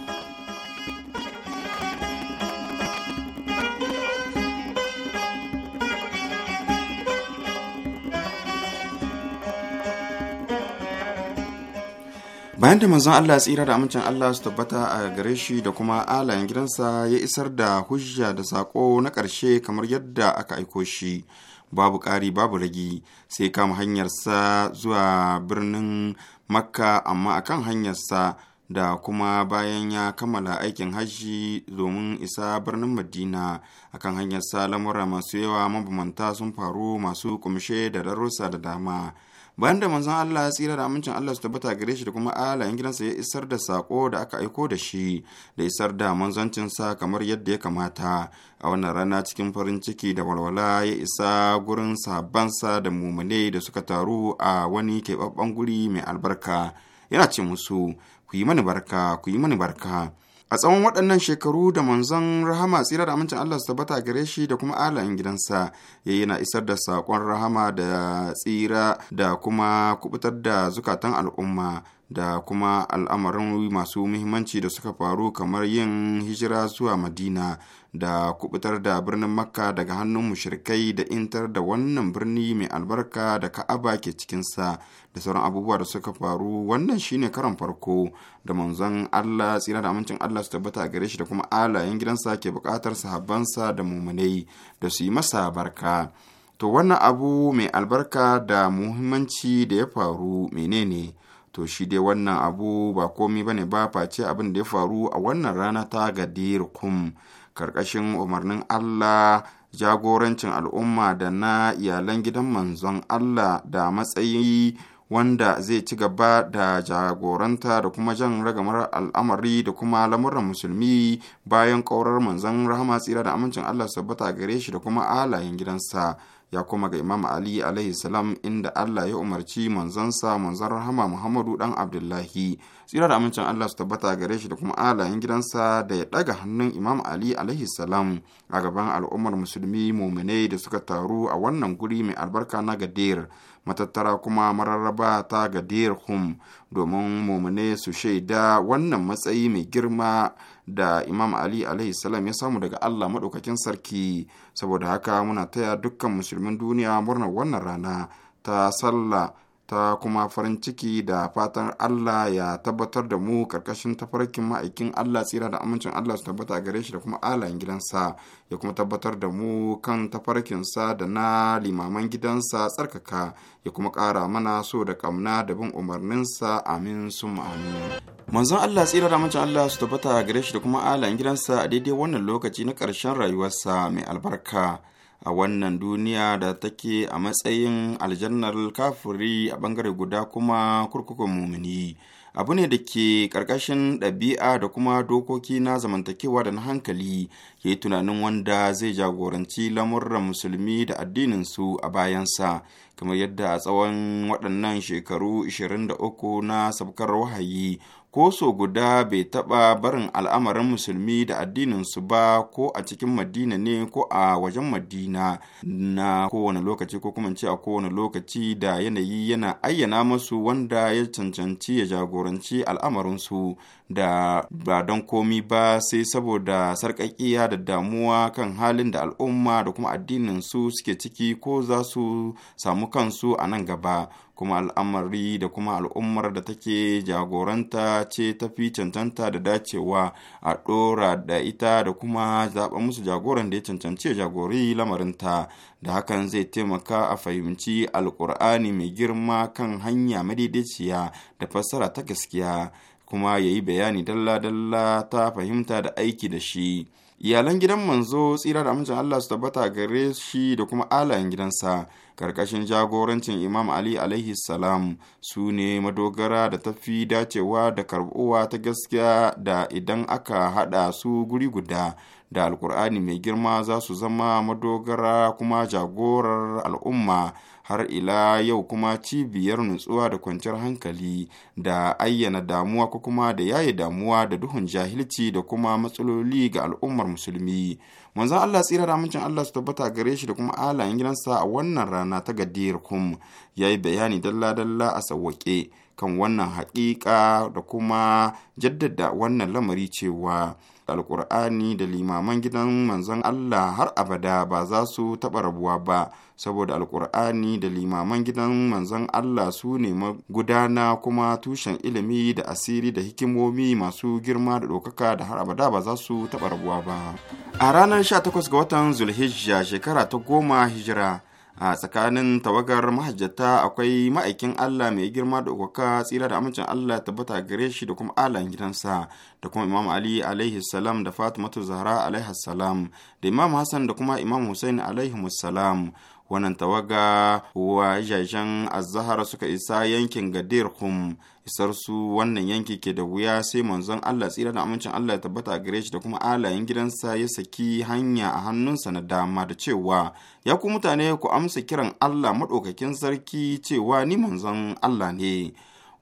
bayan da manzon Allah tsira da amincin Allah su tabbata a gare shi da kuma alayen gidansa ya isar da hujja da sako na ƙarshe kamar yadda aka aiko shi babu ƙari babu ragi sai kama hanyarsa zuwa birnin makka amma akan hanyarsa da kuma bayan ya kammala aikin hajji domin isa birnin madina akan hanyarsa lamura masu yawa mabamanta sun faru masu kumshe da darussa da dama bayan da manzon Allah ya tsira da amincin Allah su tabbata gare shi da kuma alayen gidansa ya isar da sako da aka aiko da shi da isar da manzancinsa kamar yadda ya kamata a wannan rana cikin farin ciki da walwala ya isa gurin sabansa da mumune da suka taru a wani keɓaɓɓen guri mai albarka yana ce musu ku yi mani barka ku yi mani barka a tsawon waɗannan shekaru da manzon rahama tsira da amincin Allah su tabbata gare shi da kuma alayin gidansa ya yana isar da saƙon rahama da tsira da kuma kubutar da zukatan al'umma da kuma al'amarin masu muhimmanci da suka faru kamar yin hijira zuwa madina da kubutar da birnin makka daga hannun mushrikai da intar da wannan birni mai albarka da ka'aba ke cikinsa da sauran abubuwa da suka faru wannan shine karan farko da manzon allah tsira da amincin allah su tabbata a gare shi da kuma alayen gidansa ke bukatar sahabbansa da mumunai da su yi masa barka to wannan abu mai albarka da muhimmanci da ya faru menene to shi dai wannan abu ba komi bane ba face abin da ya faru a wannan rana ta ga kum karkashin umarnin Allah jagorancin al'umma da na iyalan gidan manzon Allah da matsayi wanda zai ci gaba da jagoranta da kuma jan ragamar al'amari da kuma lamuran musulmi bayan ƙaurar manzon rahama tsira da amincin Allah sabbata gare shi da kuma alayen gidansa. ya koma ga imam ali alaihi salam inda allah ya umarci manzansa manzan rahama muhammadu dan abdullahi tsira da amincin allah su tabbata gare shi da kuma alayen gidansa da ya daga hannun imam ali alaihi salam a gaban al'ummar musulmi muminai da suka taru a wannan guri mai albarka na gadir matattara kuma mararraba ta ga hum domin mumune su shaida wannan matsayi mai girma da imam ali alaihi salam ya samu daga allah maɗaukakin sarki saboda haka muna taya dukkan musulmin duniya murnar wannan rana ta sallah ta kuma farin ciki da fatan Allah ya tabbatar da mu karkashin tafarkin ma'aikin Allah tsira da amincin Allah su tabbata a gare shi da kuma alayen gidansa ya kuma tabbatar da mu kan tafarkinsa da na limaman gidansa tsarkaka ya kuma ƙara mana so da ƙamna da bin umarninsa amin sun amin. Manzon Allah tsira da amincin Allah su tabbata a gare shi da kuma alayen gidansa a daidai wannan lokaci na ƙarshen rayuwarsa mai albarka. a wannan duniya da take a matsayin aljannar kafiri a bangare guda kuma kurkukun mumini abu ne da ke ƙarƙashin ɗabi'a da kuma dokoki na zamantakewa da na hankali ke tunanin wanda zai jagoranci lamurran musulmi da addininsu a bayansa kamar yadda a tsawon waɗannan shekaru 23 na sabkar wahayi ko so guda bai taɓa barin al'amarin musulmi da addininsu ba ko a cikin madina ne ko a wajen madina na kowane lokaci ko kuma ce a kowane lokaci da yanayi yana ayyana masu wanda ya cancanci ya jagoranci al'amarinsu da ba don komi ba sai saboda sarƙaƙiya da damuwa kan halin da al'umma da kuma addininsu suke ciki ko za su samu kansu a nan gaba kuma al'amari da kuma al'ummar da take jagoranta ce ta fi cancanta da dacewa a ɗora da ita da kuma zaɓa musu jagoran da ya cancanci jagori lamarinta da hakan zai taimaka a fahimci alƙur'ani mai girma kan hanya madaidaiciya da fassara ta gaskiya kuma ya yi bayani dalla-dalla ta fahimta da aiki da shi. Iyalan gidan manzo tsira da amincin Allah su tabbata gare shi da kuma alayen gidansa karkashin jagorancin Imam Ali alaihi salam su ne madogara da tafi dacewa da karbuwa ta gaskiya da idan aka haɗa su guri guda da alkur'ani mai girma za su zama madogara kuma jagorar al'umma har ila yau kuma cibiyar nutsuwa da kwanciyar hankali da ayyana damuwa ko kuma da yaye damuwa da duhun jahilci da kuma matsaloli ga al'ummar musulmi manzon Allah tsira da amincin Allah su tabbata gare shi da kuma alayen gidansa a wannan rana ta gadiyar kum ya yi bayani dalla-dalla a sawwake kan wannan haƙiƙa da kuma jaddada wannan lamari cewa alkur'ani da limaman gidan manzon Allah har abada ba za su taɓa rabuwa ba saboda alkur'ani da limaman gidan manzon Allah su ne magudana kuma tushen ilimi da asiri da hikimomi masu girma da ɗaukaka da har abada ba za su taɓa rabuwa ba a ranar 18 ga watan zulhijja shekara ta goma hijira a tsakanin tawagar mahajjata akwai ma'aikin Allah mai girma da ukaka tsira da amincin Allah tabbata gare shi da kuma alan gidansa da kuma Imam Ali alaihi salam da Fatimatu Zahra alaihi salam da Imam Hassan da kuma Imam Hussein alaihi salam wannan tawaga wa jajen azahara suka isa yankin gadir hum isar su wannan yanki ke da wuya sai manzon Allah tsira da amincin Allah ya tabbata a gare shi da kuma alayen gidansa ya saki hanya a hannunsa na dama da cewa ya ku mutane ku amsa kiran Allah maɗaukakin sarki cewa ni manzon Allah ne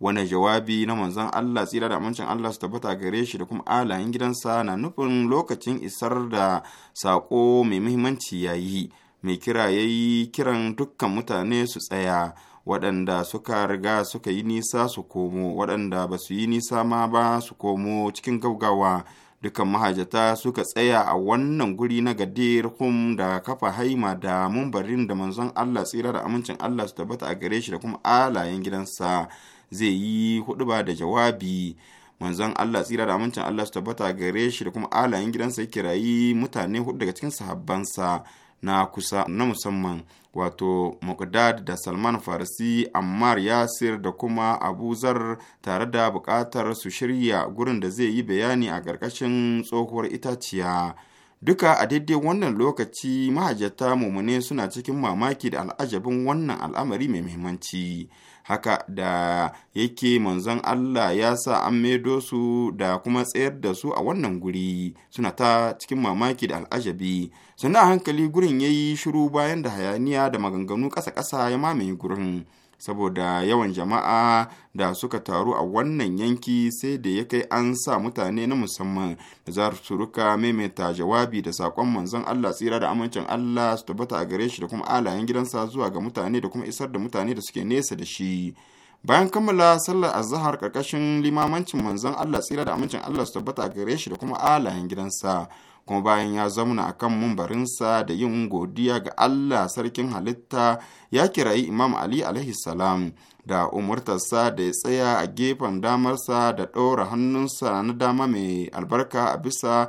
wani jawabi na manzon Allah tsira da amincin Allah su tabbata gare shi da kuma alayen gidansa na nufin lokacin isar da saƙo mai muhimmanci yayi mai kira ya yi kiran dukkan mutane su tsaya waɗanda suka riga suka yi nisa su komo waɗanda ba su yi nisa ma ba su komo cikin gaugawa dukkan mahajata suka tsaya a wannan guri na gadir kum da kafa haima da mumbarin da manzon Allah tsira da amincin Allah su tabbata a gare shi da kuma alayen gidansa zai yi ba da jawabi manzon Allah tsira da amincin Allah su tabbata a gare shi da kuma alayen gidansa ya kirayi mutane hudu daga cikin sahabbansa na kusa na musamman wato Muqdad da Salman Farisi Ammar Yasir da kuma Abu Zar tare da buƙatar su shirya gurin da zai yi bayani a ƙarƙashin tsohuwar itaciya. Duka a daidai wannan lokaci mahajjata mumune suna cikin mamaki da al'ajabin wannan al'amari mai muhimmanci. Haka da yake manzon Allah ya sa an maido su da kuma tsayar da su a wannan guri suna ta cikin mamaki da al'ajabi. sannan a hankali gurin ya yi shiru bayan da hayaniya da maganganu ƙasa-ƙasa ya mamaye gurin saboda yawan jama'a da suka taru a wannan yanki sai da ya kai an sa mutane na musamman da za su rika maimaita jawabi da saƙon manzon Allah tsira da amincin Allah su tabbata a gare shi da kuma alayen gidansa zuwa ga mutane da kuma isar da mutane da suke nesa da shi bayan kammala sallar azahar karkashin limamancin manzon Allah tsira da amincin Allah su tabbata a gare shi da kuma alayen gidansa kuma bayan ya zauna a kan mumbarinsa da yin godiya ga Allah sarkin halitta ya kirayi Imam Ali alaihi salam da umurtarsa da ya tsaya a gefen damarsa da ɗora hannunsa na dama mai albarka a bisa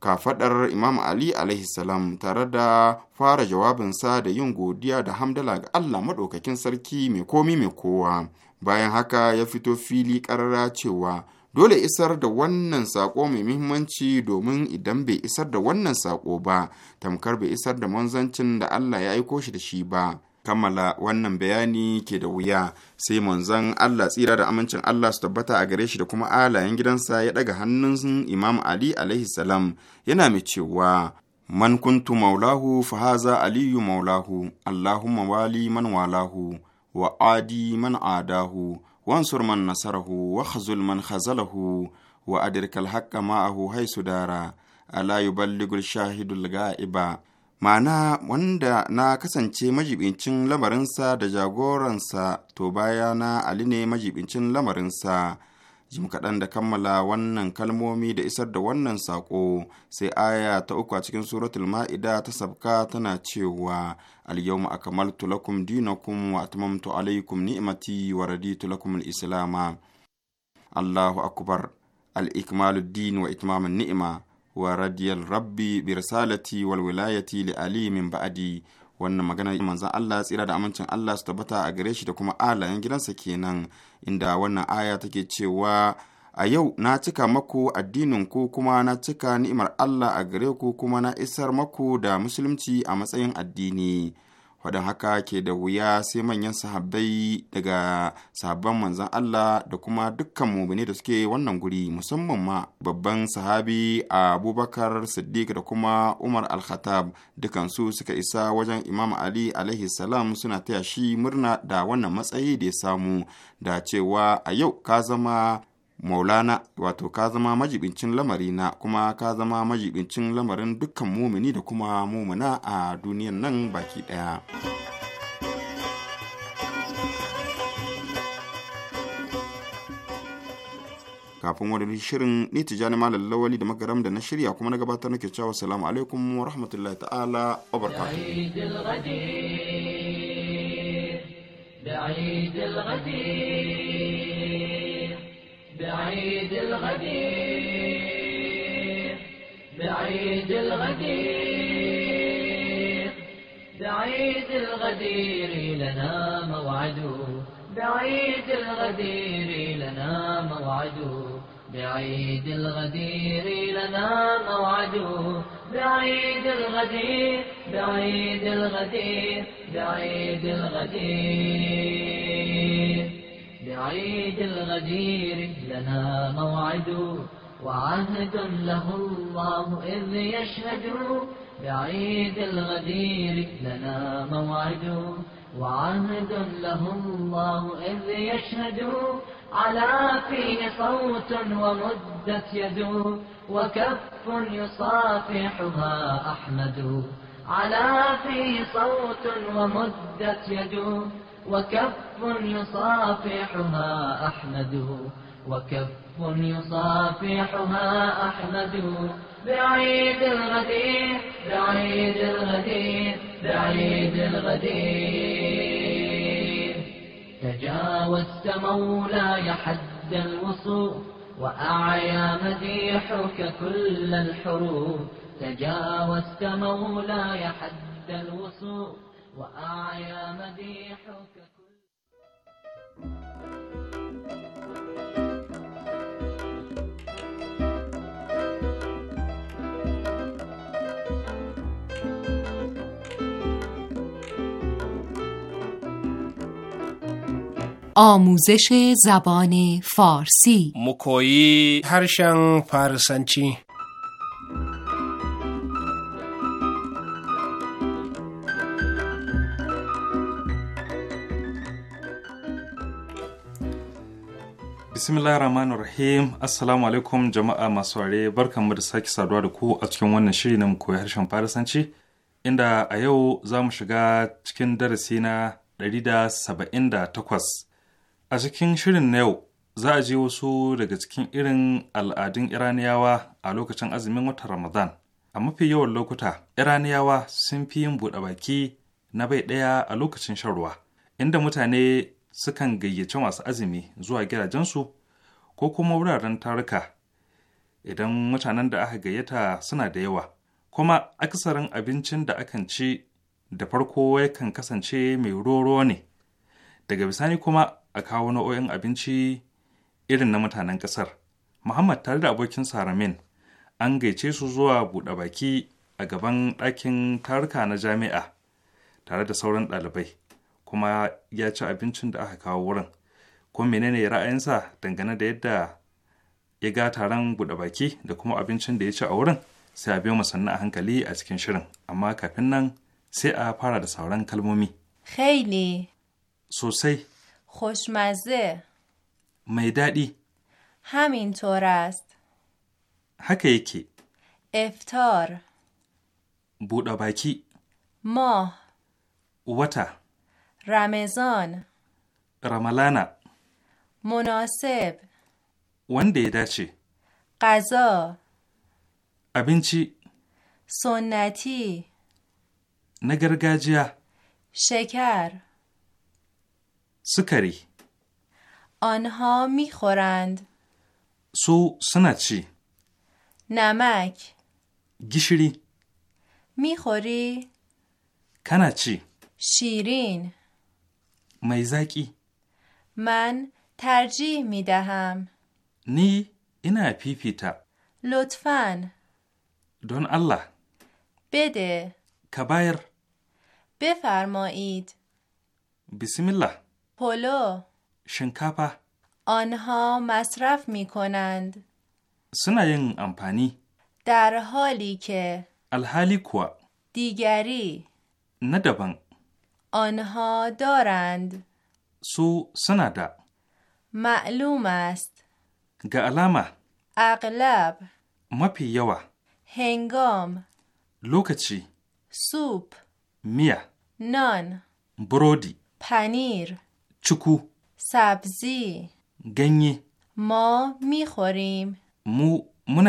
kafaɗar Imam Ali alaihi salam tare da fara jawabinsa da yin godiya da hamdala ga Allah maɗaukakin sarki mai komi mai kowa. Bayan haka ya fito fili ƙarara cewa dole isar da wannan sako mai muhimmanci domin idan bai isar da wannan sako ba tamkar bai isar da manzancin da Allah ya aiko shi da shi ba kammala wannan bayani ke da wuya sai manzon Allah tsira da amincin Allah su tabbata a gare shi da kuma alayen gidansa ya daga hannun Imam Ali alaihi salam yana mai cewa man kuntu maulahu fahaza aliyu maulahu Allahumma wali man walahu wa adi man adahu wansur man nasarahu wa khazul man khazalahu wa adirkal haqqa ma'ahu haisu dara ala yuballigul ga'iba ma'ana wanda na kasance majibincin lamarinsa da jagoransa to na ali ne majibincin lamarinsa jim kaɗan da kammala wannan kalmomi da isar da wannan saƙo sai aya ta uku a cikin suratul ma'ida ta sabka tana cewa al-yawma akmaltu lakum dinakum wa atmamtu alaykum ni'imati wa raditu lakum al Allahu akbar al-ikmalu din wa itmamun ni'ma wa radiyal rabbi bi risalati wal wilayati li ali min ba'di wannan magana manzon Allah tsira da amincin Allah su tabbata a gare shi da kuma alayen gidansa kenan inda wannan aya take cewa a yau na cika maku addinin ku kuma na cika ni'imar Allah a gare ku kuma na isar maku da musulunci a matsayin addini. Wadan haka ke da wuya sai manyan sahabbai daga sahabban manzan Allah da kuma dukkan mu da suke wannan guri musamman ma babban sahabi Abubakar Siddiq da kuma Umar Al-Khattab dukansu suka isa wajen Imam Ali alaihi salam suna taya shi murna da wannan matsayi da ya samu da cewa a yau ka zama maulana wato ka zama majibincin lamari na kuma ka zama majibincin lamarin dukkan mumini da kuma mumuna a duniyan nan baki daya. kafin wani shirin ni tijani malam lawali da magaram da na shirya kuma na gabatar nake cewa salamu alaikum wa rahmatullahi ta'ala wa barakatuh بعيد الغدير بعيد الغدير بعيد الغدير لنا موعد بعيد الغدير لنا موعد بعيد الغدير لنا موعد بعيد الغدير بعيد الغدير بعيد الغدير بعيد الغدير لنا موعد وعهد له الله إذ يشهد بعيد الغدير لنا موعد وعهد له الله إذ يشهد على فيه صوت ومدت يد وكف يصافحها أحمد على فيه صوت ومدت يد وكف يصافحها أحمد وكف يصافحها أحمد بعيد الغدير بعيد الغدير بعيد الغدير تجاوزت مولاي حد الوصول وأعيا مديحك كل الحروب تجاوزت مولاي حد الوصول آموزش زبان فارسی مکویی هرشن فارسنچی Bismillahirrahmanirrahim. Assalamu alaikum jama'a masu ware mu da sake saduwa da ku a cikin wannan shiri na koyi harshen Farisanci inda a yau za mu shiga cikin darasi na 178. A cikin shirin na yau za a je wasu daga cikin irin al'adun Iraniyawa a lokacin azumin watan Ramadan. A mafi yawan lokuta, Iraniyawa sun fi yin buɗe baki na bai ɗaya a lokacin shan ruwa, inda mutane sukan gayyaci masu azumi zuwa gidajensu ko kuma wuraren taruka idan mutanen da aka gayyata suna da yawa kuma aksarin abincin da akan ci da farko yakan kasance mai roro ne daga bisani kuma a kawo nau'o'in abinci irin na mutanen ƙasar muhammad tare da abokin saramin an gaice su zuwa buɗe baki a gaban ɗakin taruka na jami'a tare da sauran ɗalibai kuma ya ci abincin da aka kawo wurin ko menene ra'ayinsa dangane da yadda ya ga taron buɗe baki da kuma abincin da ya ci a wurin sai a biyo mu sannu a hankali a cikin shirin amma kafin nan sai a fara da sauran kalmomi ne. sosai خوشمزه mai daɗi hamin toras. haka yake iftar buɗe baki ma wata رمضان رملانا مناسب وندیده چی؟ قضا ابینچی سنتی نگرگاجیه شکر سکری آنها می خورند سو سنتی نمک گیشری می خوری؟ کنچی شیرین میزکی من ترجیح می دهم نی اینا پیپیتا لطفا دون الله بده کبایر بفرمایید بسم الله پلو شنکاپا آنها مصرف می کنند سناین امپانی در حالی که الحالی کوا دیگری ندبن آنها دارند سو سندا معلوم است گعلامه اغلب مپی یوا هنگام لوکچی سوپ میا نان برودی پنیر چکو سبزی گنی ما میخوریم مو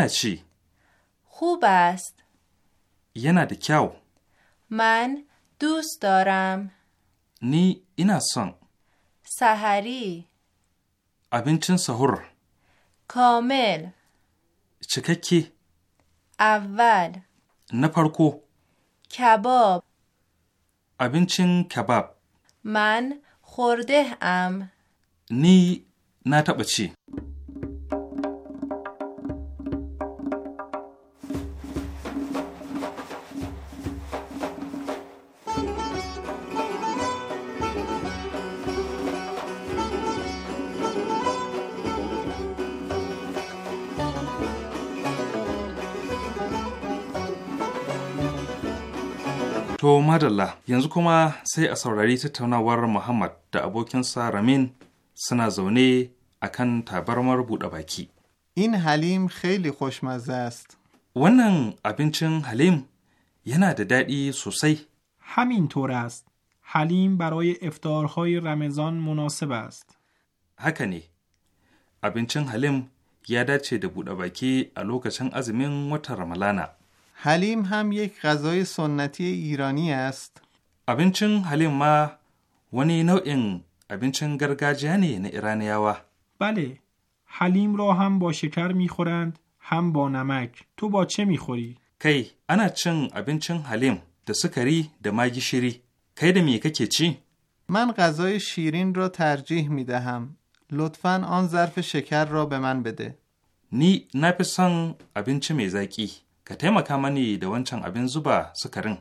چی خوب است یه نده من دوست دارم نی اینا سان سحری ابینچن سحور کامل چککی اول نپرکو کباب ابینچن کباب من خورده ام نی نتبچی To madalla yanzu kuma sai a saurari tattaunawar Muhammad da abokinsa Ramin suna zaune a kan tabarmar buɗe baki. In Halim خیلی خوشمزه wannan abincin Halim yana da daɗi sosai. همینطور است. حلیم برای افتارهای رمضان مناسب است. haka ne. Abincin Halim ya dace da buɗe baki a lokacin azumin watan Ramalana. حلیم هم یک غذای سنتی ایرانی است. ابینچن حلیم ما ونی نوعین ابینچن گرگاجیانی نه ایرانیاوا. بله، حلیم را هم با شکر میخورند هم با نمک. تو با چه میخوری؟ کی، انا چن ابینچن حلیم ده سکری ده ماگی شیری. کی ده می که چی؟ من غذای شیرین را ترجیح می دهم. لطفا آن ظرف شکر را به من بده. نی نپسن ابینچی می ka taimaka mani da wancan abin zuba sukarin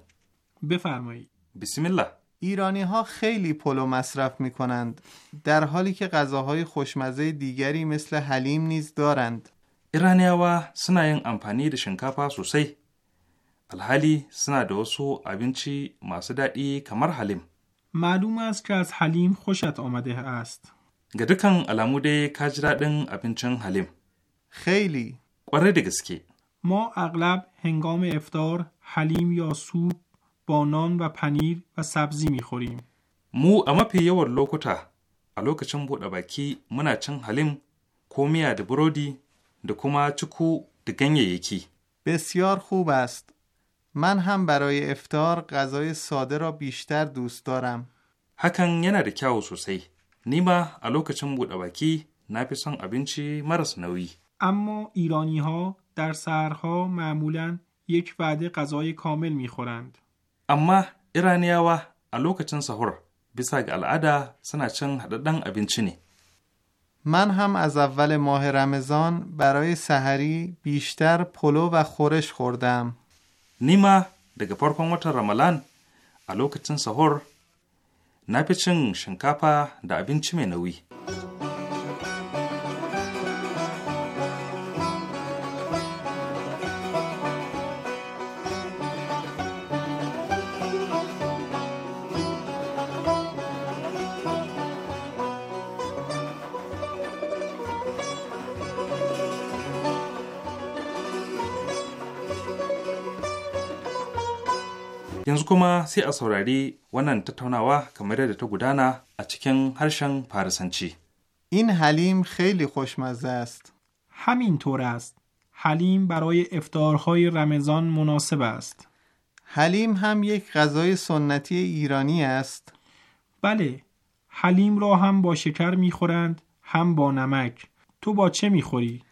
بفرمایید بسم الله ایرانی ها خیلی پلو مصرف می کنند در حالی که غذاهای خوشمزه دیگری مثل حلیم نیز دارند ایرانی ها سنا ین امپانی ده شنکافا سوسی الحالی سنا ده وسو ابینچی ماسو دادی کمر حلیم معلوم است که از حلیم خوشت آمده است ga dukkan alamu dai ka ji daɗin abincin halim. Khaili. Ƙwarai da gaske. ما اغلب هنگام افتار حلیم یا سوپ با نان و پنیر و سبزی میخوریم مو اما پی یور لوکوتا ا لوکچن بودا باکی منا چن حلیم کو دبرودی د برودی چکو د گنگ یکی بسیار خوب است من هم برای افتار غذای ساده را بیشتر دوست دارم هکن یانا د کیاو سوسی نیما ا لوکچن بودا باکی نا ابینچی مرس نووی اما ایرانی ها در سرها معمولا یک وعده غذای کامل میخورند اما ایرانیاوا الوکچن سحور بیسا گالعدا سنا چن حددان ابینچنی من هم از اول ماه رمضان برای سحری بیشتر پلو و خورش خوردم نیما دگه پرکون وتر رمضان الوکچن سحور نپچن شنکاپا دا ابینچ مینوی yanzu kuma sai a saurari wannan tattaunawa kamar yadda ta gudana a این حلیم خیلی خوشمزه است. همینطور است. حلیم برای افتارهای رمضان مناسب است. حلیم هم یک غذای سنتی ایرانی است. بله. حلیم را هم با شکر میخورند هم با نمک. تو با چه میخوری؟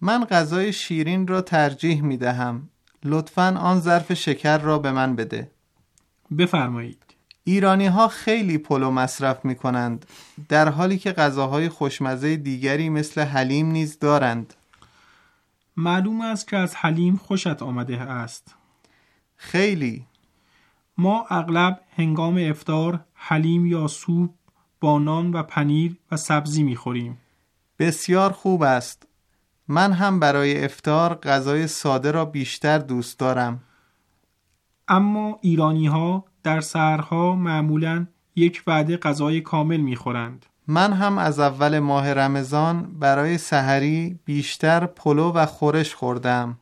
من غذای شیرین را ترجیح میدهم. لطفا آن ظرف شکر را به من بده بفرمایید ایرانی ها خیلی پلو مصرف می کنند در حالی که غذاهای خوشمزه دیگری مثل حلیم نیز دارند معلوم است که از حلیم خوشت آمده است خیلی ما اغلب هنگام افتار حلیم یا سوپ با نان و پنیر و سبزی می خوریم بسیار خوب است من هم برای افتار غذای ساده را بیشتر دوست دارم اما ایرانی ها در سهرها معمولا یک وعده غذای کامل خورند. من هم از اول ماه رمضان برای سحری بیشتر پلو و خورش خوردم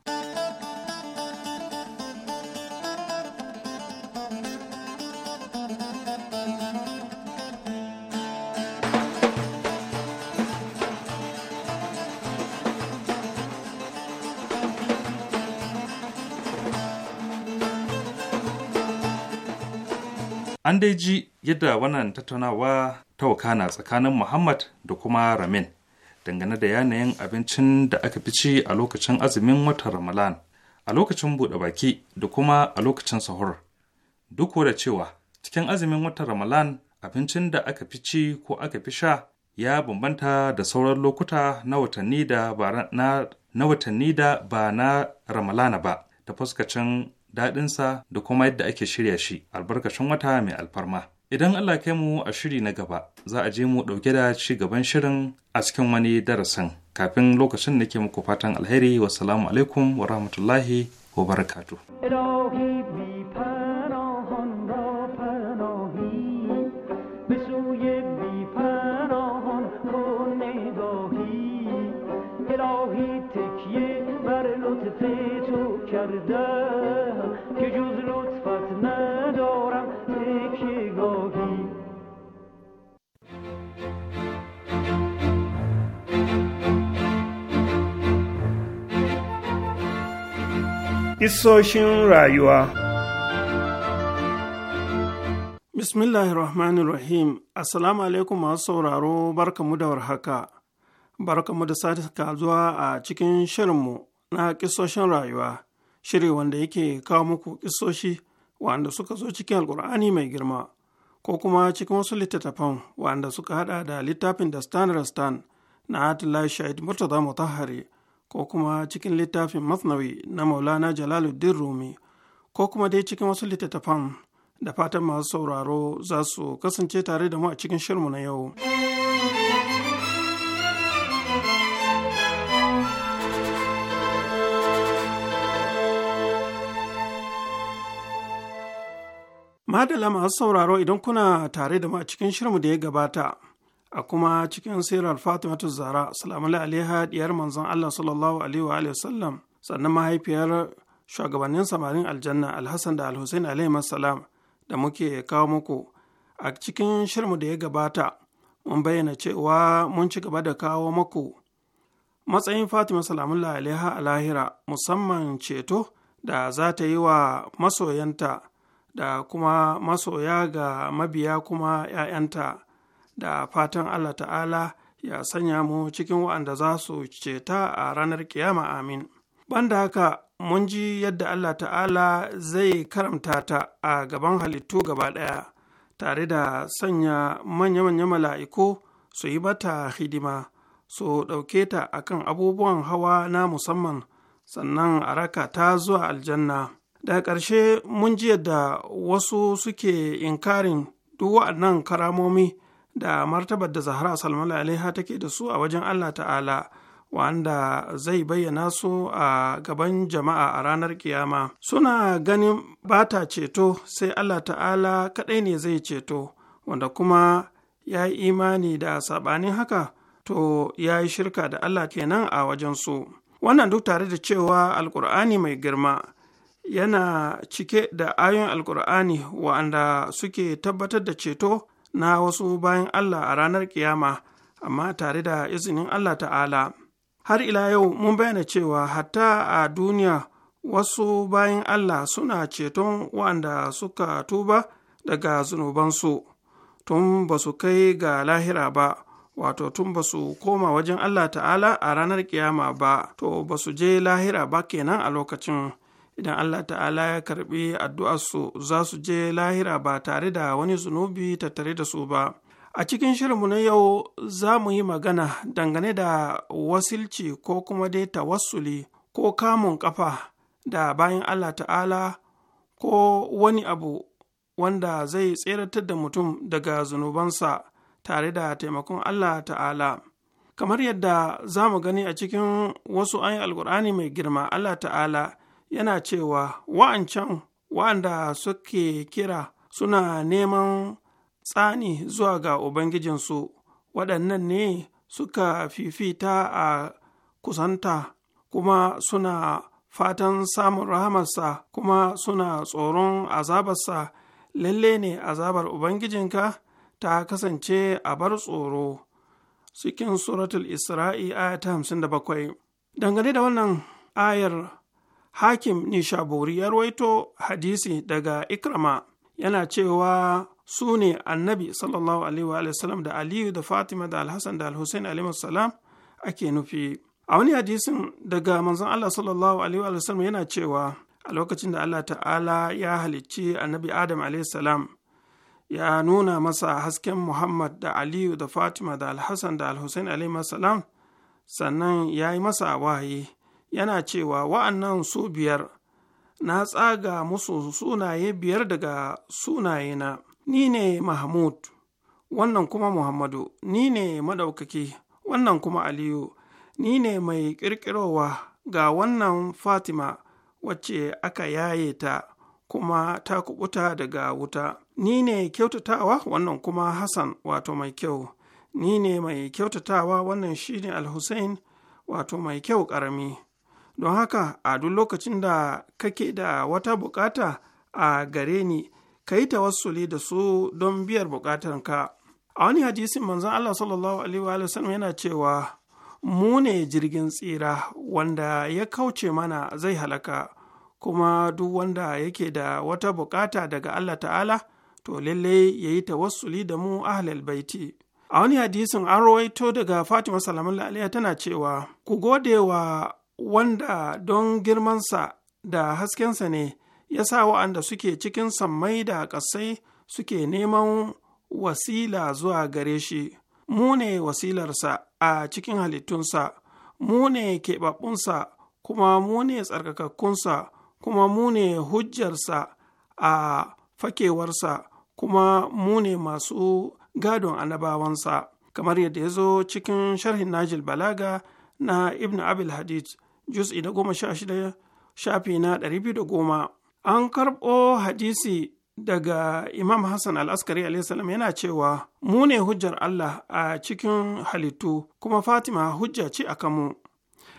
an dai ji yadda wannan tattaunawa ta wakana tsakanin muhammad da kuma ramin dangane da yanayin abincin da aka fi ci a lokacin azumin watan ramadan a lokacin buɗe baki da kuma a lokacin sahur duk da cewa cikin azumin watan ramadan abincin da aka fi ci ko aka fi sha ya bambanta da sauran lokuta na watanni da ba na watanni da ba na ramalana ba ta fuskacin daɗinsa da kuma yadda ake shirya shi albarkacin wata mai alfarma. Idan Allah kai mu a shiri na gaba za a je mu ɗauke da ci gaban shirin a cikin wani darasin kafin lokacin da ke muku fatan alheri wasalamu alaikum wa rahmatullahi wa barakatu. الهی Isoshin rayuwa Bismillahirrahmanirrahim Assalamu alaikum masu sauraro barkamu da warhaka. Barkamu da sati zuwa a cikin shirinmu na kisoshin rayuwa, shiri wanda yake kawo muku kisoshi wanda suka zo cikin alkur'ani mai girma, ko kuma cikin wasu littattafan wanda suka hada da littafin da Stan Rastan na Atila Shahid Murtaza Mutahari ko kuma cikin littafin masnawi na maulana jalaluddin rumi ko kuma dai cikin wasu littattafan da fatan masu sauraro za su kasance tare da mu a cikin shirmu na yau. Madala masu sauraro idan kuna tare da mu a cikin shirmu da ya gabata, a kuma cikin sirar fatimatu zara salamu alaiha diyar manzon allah sallallahu alaihi wa sallam sannan mahaifiyar shugabannin samarin aljanna alhassan da alhussein alaihi salam da muke kawo muku a cikin shirmu da ya gabata mun bayyana cewa mun ci gaba da kawo muku matsayin fatima salamu alaiha a lahira musamman ceto da za ta yi wa masoyanta da kuma masoya ga mabiya kuma 'ya'yanta da fatan Allah ta'ala ya sanya mu cikin wa'anda za su ceta a ranar kiyama amin. Banda haka mun ji yadda Allah ta'ala zai karamta ta a gaban halittu gaba ɗaya tare da sanya manya-manya mala'iku su yi bata hidima su ɗauke ta akan abubuwan hawa na musamman sannan a raka ta zuwa aljanna. Da ƙarshe mun ji yadda wasu suke inkarin duk waɗannan karamomi da martabar da zahra salmala alaiha take da su a wajen allah ta'ala wanda zai bayyana su a gaban jama'a a ranar kiyama suna ganin ba ta ceto sai allah ta'ala kaɗai ne zai ceto wanda kuma ya yi imani da saɓanin haka to ya yi shirka da allah kenan a wajensu wannan duk tare da cewa alkur'ani mai girma yana cike da ayoyin alkur'ani wa'anda suke tabbatar da ceto na wasu bayan Allah a ranar kiyama amma tare da izinin Allah ta'ala har ila yau mun bayyana cewa hatta a duniya wasu bayan Allah suna ceton waɗanda suka tuba daga zunubansu tun ba su kai ga lahira ba wato tun ba su koma wajen Allah ta'ala a ranar kiyama ba to ba su je lahira ba kenan a lokacin idan allah ta'ala ya karbi addu'arsu za su je lahira ba tare da wani zunubi tattare da su ba a cikin shirinmu na yau za mu yi magana dangane da wasilci ko kuma dai tawassuli ko kamun kafa da bayan allah ta'ala ko wani abu wanda zai tseratar da mutum daga zunubansa tare da taimakon allah ta'ala kamar yadda za mu gani a cikin wasu ayin alkur'ani mai girma allah ta'ala yana cewa wa'ancan wa'anda suke kira suna neman tsani zuwa ga ubangijinsu waɗannan ne suka fifita a kusanta kuma suna fatan samun rahamarsa kuma suna tsoron azabarsa lalle ne azabar ubangijinka ta kasance a bar tsoro cikin suratul isra'i aya ta 57 dangane da wannan ayar hakim nishaburi ya ruwaito hadisi daga ikrama yana cewa su ne annabi sallallahu alaihi wa sallam da aliyu da fatima da alhassan da alhussein alaihi salam ake nufi a wani hadisin daga manzon allah sallallahu alaihi wa sallam yana cewa a lokacin da allah ta'ala ya halicci annabi adam alaihi salam ya nuna masa hasken muhammad da aliyu da fatima da alhassan da alhussein alaihi salam sannan ya yi masa wahayi yana cewa wa'annan su biyar na tsaga musu sunaye biyar daga sunaye na. ni ne mahmud wannan kuma muhammadu ni ne maɗaukaki wannan kuma aliyu ni ne mai ƙirƙirowa ga wannan fatima wacce aka yaye ta kuma ta kubuta daga wuta ni ne kyautatawa wannan kuma hassan wato mai kyau ni ne mai kyautatawa wannan shine alhussein wato mai kyau ƙarami don haka a duk lokacin da kake da wata bukata a gare ni ka yi tawassuli da su don biyar ka a wani hadisin manzon Allah sallallahu alaihi wa sallam yana cewa mu ne jirgin tsira wanda ya kauce mana zai halaka kuma duk wanda yake da wata bukata daga Allah ta'ala to lallai ya yi tawassuli da mu ahlal baiti a wani hadisin an rawaito daga fatima salamun tana cewa ku gode wa wanda don girmansa da haskensa ne ya sa wa'anda suke cikin sammai da ƙasai suke neman wasila zuwa gare shi, mu ne wasilarsa a cikin halittunsa, mu ne keɓaɓɓunsa, kuma mu ne tsarkakakkunsa, kuma mu ne hujjarsa a fakewarsa, kuma mu ne masu gadon anabawansa. kamar yadda ya zo cikin sharhin Najil Balaga na Ibn Abil Hadid. juz'i da goma sha shida shafi na ɗari biyu da goma an karɓo hadisi daga imam hassan al'askari salam yana cewa mu ne hujjar allah a cikin halittu kuma fatima hujja ce a kanmu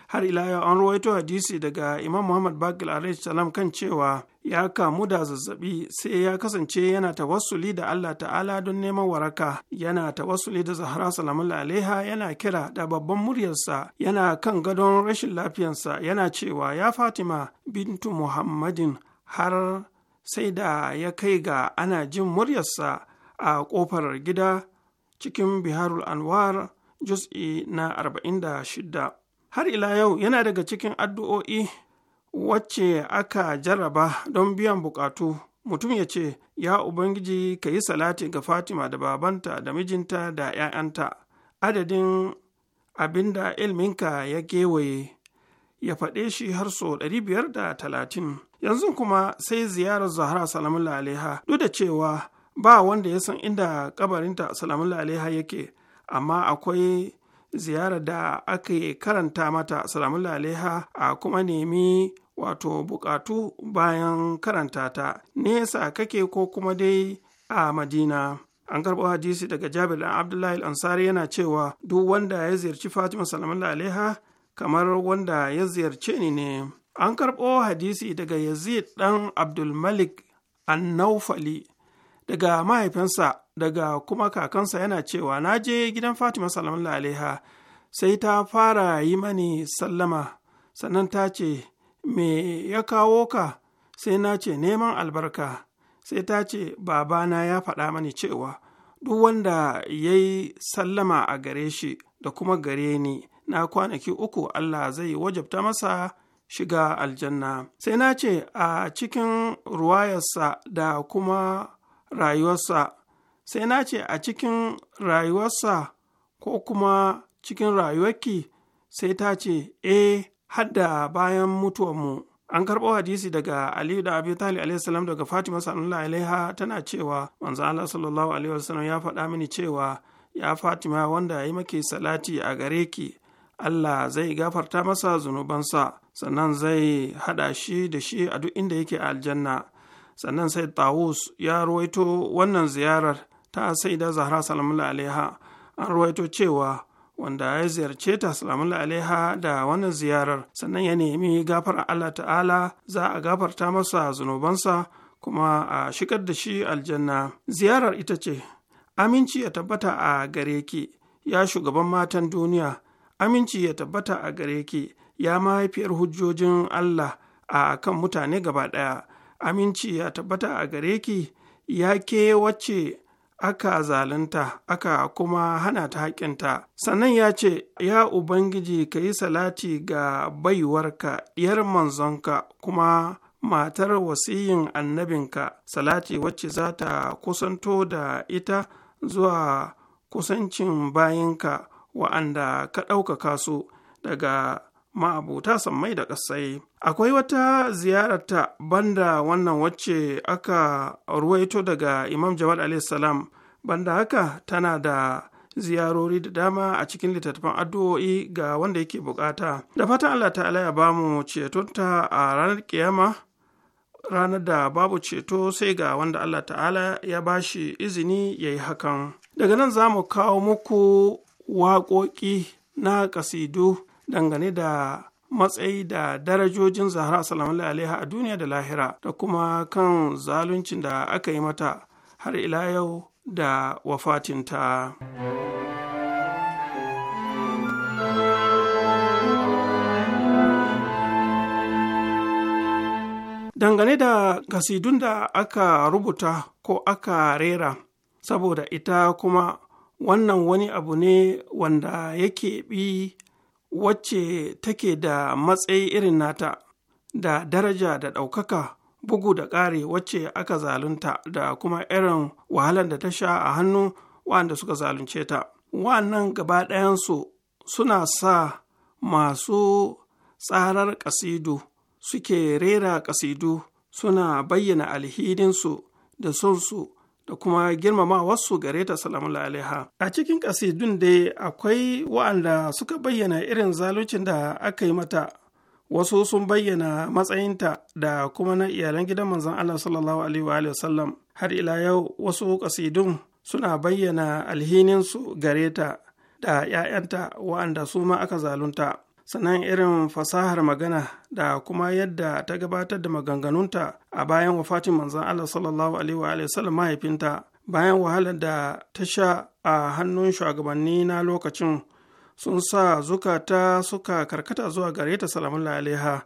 har ila yau an ruwaito hadisi daga imam muhammad bakil alaihi salam kan cewa ya kamu da zazzabi sai ya kasance yana tawassuli da allah ta'ala don neman waraka yana tawassuli da zahra salamun alaiha yana kira da babban muryarsa yana kan gadon rashin lafiyansa yana cewa ya fatima bintu muhammadin har sai da ya kai ga ana jin muryarsa a kofar gida cikin biharul anwar jus'i na 46 har ila yau yana daga cikin addu'o'i wacce aka jarraba don biyan bukatu mutum ya ce ya ubangiji ka yi salati ga fatima da babanta da mijinta da 'ya'yanta adadin abin da ilminka ya gewaye ya faɗe shi har so talatin. yanzu kuma sai ziyarar zahra salamun Laleha. duk da cewa ba wanda ya san inda kabarinta salamun Laleha yake amma akwai ziyarar da aka karanta mata salamun alaiha a kuma nemi wato bukatu bayan karanta ta nesa kake ko kuma dai a madina an karɓo hadisi daga jabir dan abdullahi ansari yana cewa duk wanda ya ziyarci fatima salamun laliha kamar wanda ya ziyarce ni ne an karɓo hadisi daga yazid dan abdulmalik annaufali daga mahaifinsa daga kuma kakansa yana cewa na je gidan fatima salamun alaiha sai ta fara yi mani sallama sannan ta ce me ya kawo ka sai na ce neman albarka sai ta ce babana ya faɗa mani cewa duk wanda ya yi sallama a gare shi da kuma gare ni na kwanaki uku Allah zai wajabta masa shiga aljanna sai na ce a cikin ruwayarsa da kuma rayuwarsa sai na ce a cikin rayuwarsa ko kuma cikin rayuwarki sai ta ce e eh, hadda bayan mutuwarmu an karɓo hadisi daga aliyu da abu talib alaihi salam daga fatima sallallahu alaiha tana cewa manzo allah sallallahu alaihi wasallam ya faɗa mini cewa ya fatima wanda ya yi maki salati a gare ki allah zai gafarta masa zunubansa sannan zai haɗa shi da shi a duk inda yake aljanna sannan sai tawus ya ruwaito wannan ziyarar ta saida zahra salamun alaiha an ruwaito cewa wanda ya ziyarce ta salamun alaiha da wannan ziyarar sannan ya nemi gafar allah ta'ala za a gafarta masa zunubansa kuma a shigar da shi aljanna ziyarar ita ce aminci ya tabbata a gare ki ya shugaban matan duniya aminci ya tabbata a gare ki ya mahaifiyar hujjojin allah a kan mutane gaba ɗaya aminci ya tabbata a gare ki ya ke wacce aka zalunta aka kuma hana ta hakinta. sannan ya ce ya ubangiji ka yi salati ga baiwarka Yar manzonka kuma matar wasiyin annabinka salati wacce za ta kusanto da ita zuwa kusancin bayanka wa'anda ka ɗaukaka su daga ma'abota mai da ƙasai. Akwai wata ziyararta banda wannan wacce aka ruwaito daga Imam Jawad salam banda haka tana da ziyarori da dama a cikin littattafan addu'o'i ga wanda yake bukata. Da fatan Allah ta'ala ya bamu cetonta a ranar kiyama ranar da babu ceto sai ga wanda Allah ta'ala ya bashi izini ya yi hakan. Daga nan za mu kawo muku waƙoƙi na ƙasidu dangane da matsayi da darajojin zahra salamu alaiha a duniya da lahira da kuma kan zaluncin da aka yi mata har ila yau da wafatinta. Dangane da kasidun da aka rubuta ko aka rera, saboda ita kuma wannan wani abu ne wanda yake bi wacce take da matsayi irin nata da daraja da ɗaukaka bugu da ƙari wacce aka zalunta da kuma irin wahalar da ta sha a hannu waɗanda suka zalunce ta wannan gaba ɗayansu suna sa masu tsarar ƙasidu suke rera ƙasidu suna bayyana alhidinsu da sonsu da kuma girmamawarsu gare ta salamu alaiha a cikin kasidun dai akwai wa'anda suka bayyana irin zaluncin da aka yi mata wasu sun bayyana matsayinta da kuma na iyalan gidan manzon Allah sallallahu alaihi wa sallam har ila yau wasu kasidun suna bayyana alhininsu gare ta da ‘ya'yanta wa'anda su ma aka zalunta. sannan irin fasahar magana da kuma yadda ta gabatar da maganganunta a bayan wafatin manzon Allah sallallahu alaihi wa sallam mahaifinta bayan wahalar da ta sha a hannun shugabanni na lokacin sun sa zukata suka karkata zuwa gare ta salamun alaiha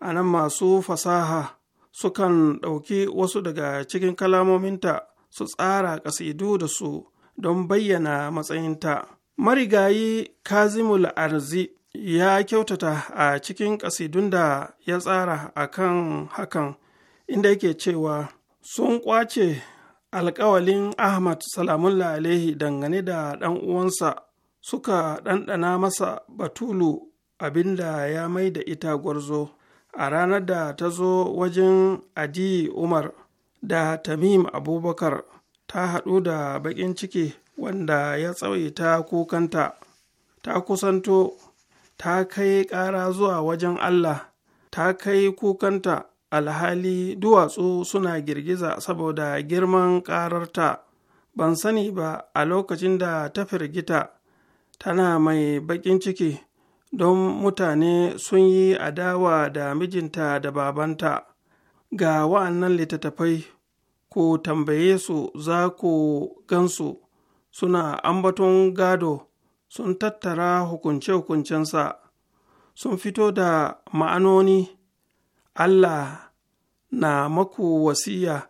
a nan masu fasaha sukan ɗauki wasu daga cikin kalamominta su tsara ƙasidu da su don bayyana matsayinta marigayi kazimul arzi ya kyautata a cikin ƙasidun da ya tsara a kan hakan inda yake cewa sun ƙwace alkawalin ahmad salamullah alaihi dangane da ɗan uwansa suka ɗanɗana masa batulu abinda ya mai da ita gwarzo a ranar da ta zo wajen adi umar da tamim abubakar ta haɗu da baƙin ciki wanda ya tsawaita kukanta ta kusanto ta kai ƙara zuwa wajen Allah, ta kai kukanta alhali duwatsu suna girgiza saboda girman ƙararta, ban sani ba a lokacin da ta firgita, tana mai baƙin ciki don mutane sun yi adawa da mijinta da babanta. Ga wa'annan littattafai, ku tambaye su za ku gansu suna ambaton gado sun tattara hukunce-hukuncensa sun fito da ma'anoni Allah na maku wasiya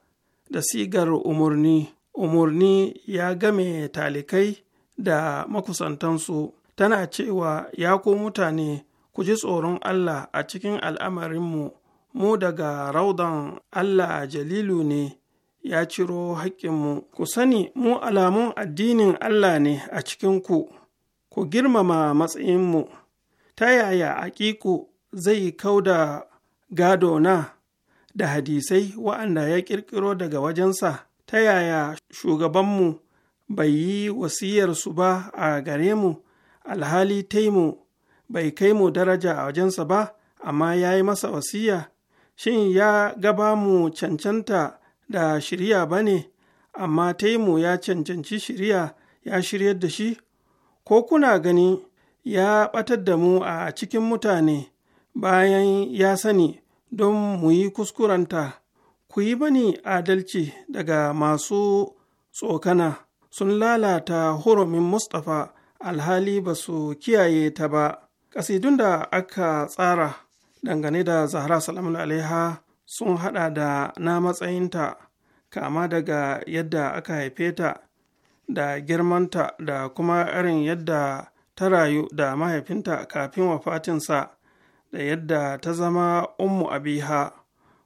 da sigar umarni. Umarni ya game talikai da makusantansu tana cewa ya ku mutane ku ji tsoron Allah a cikin al'amarinmu mu daga raudan Allah jalilu ne ya ciro haƙƙinmu ku sani mu alamun addinin Allah ne a cikinku ku girmama matsayinmu, ta yaya aƙiƙu zai kau da gadona da hadisai wa'anda ya ƙirƙiro daga wajensa, ta yaya shugabanmu bai yi wasiyarsu ba a gare mu, alhali taimu bai kai mu daraja a wajensa ba, amma ya yi masa wasiya, shin ya gaba mu cancanta da shirya ba ne, amma taimu ya cancanci shirya ya shiryar da shi ko kuna gani ya ɓatar da mu a cikin mutane bayan ya sani don mu yi kuskuranta, ku yi bani adalci daga masu tsokana sun lalata hurumin Mustapha alhali ba su kiyaye ta ba. Ƙasidun da aka tsara dangane da Zahra Salamun Alaiha sun haɗa da na matsayinta, kama daga yadda aka haife ta da girmanta da kuma irin yadda ta rayu da mahaifinta kafin wafatinsa da yadda ta zama ummu abiha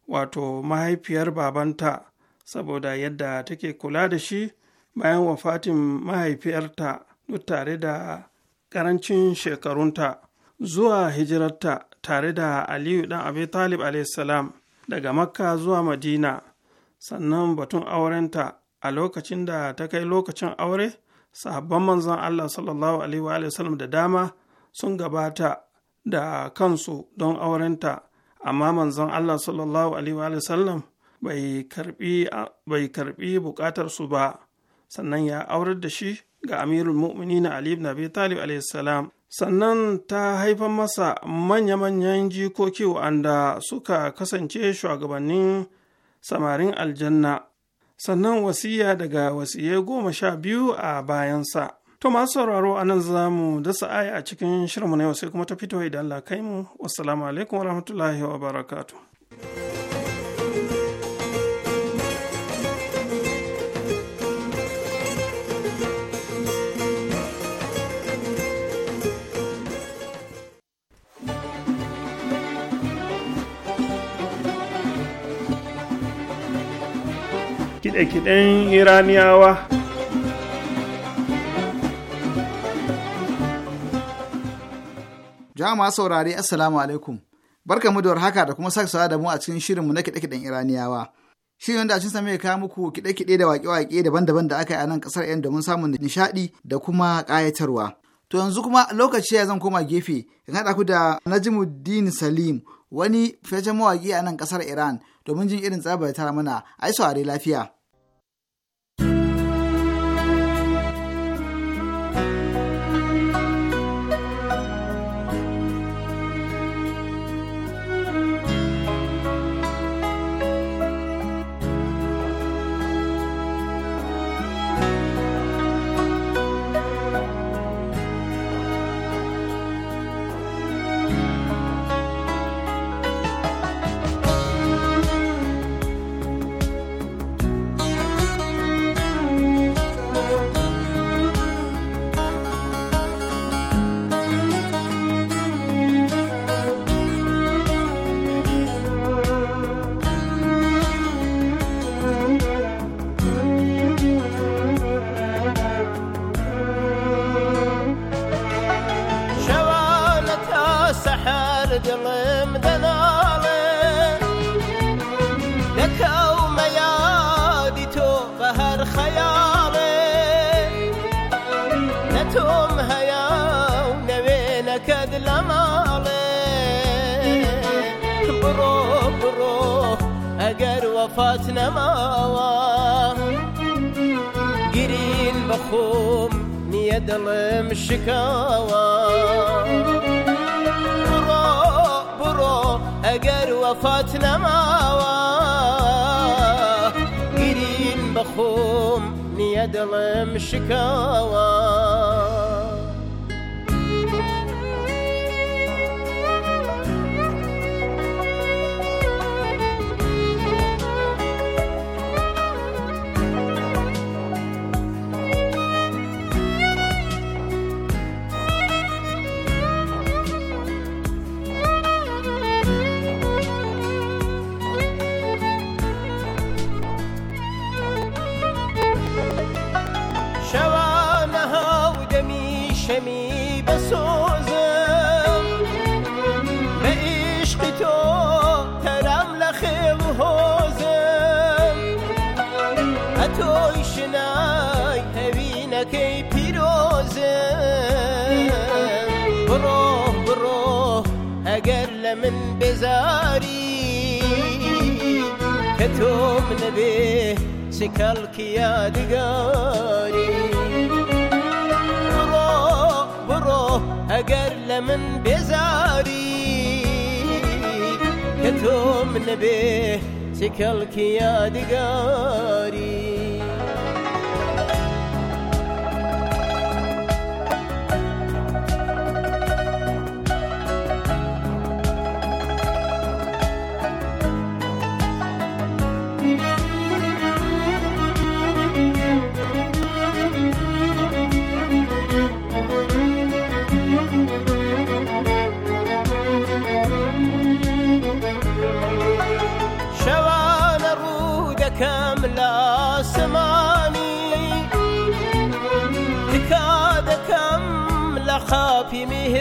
wato mahaifiyar babanta saboda yadda take kula da shi bayan wafatin mahaifiyarta duk tare da ƙarancin shekarunta zuwa hijirarta tare da aliyu dan abi talib a.s. daga makka zuwa madina sannan batun aurenta a lokacin da ta kai lokacin aure sahabban manzon Allah sallallahu alaihi wa sallam da dama sun gabata da kansu don aurenta amma manzon Allah sallallahu alaihi wa sallam bai karbi bukatar su ba sannan ya aurar da shi ga amirul mu'minin Ali ibn Abi Talib alaihi salam sannan ta haifar masa manya-manyan jikoki wa'anda suka kasance shugabannin samarin aljanna sannan wasiya daga wasiye goma sha biyu a bayansa. To masu sauraro a nan za mu dasa aya a cikin shirinmu na yau sai kuma ta fito idan Allah kai mu. Wassalamu alaikum wa rahmatullahi wa barakatu. kiɗe-kiɗen iraniyawa jama'a saurari assalamu alaikum barka mu da warhaka da kuma sake da mu a cikin shirinmu na kiɗe-kiɗen iraniyawa shirin wanda a cikin sami kawo muku kiɗe-kiɗe da waƙe-waƙe daban-daban da aka yi a nan ƙasar yan domin samun nishaɗi da kuma ƙayatarwa to yanzu kuma lokaci ya zan koma gefe in haɗa ku da najimuddin salim wani fitaccen mawaƙi a nan ƙasar iran domin jin irin tsabar tara mana ai saurari lafiya أقر وفاتنا ماوا قري نیه دلم شکاوا برو برو أقر وفاتنا ماوا قري نیه دلم شکاوا توم نبيه سكالك يا دقاري برو برو أقرل من بزاري كتوم نبيه سكلك يا دقاري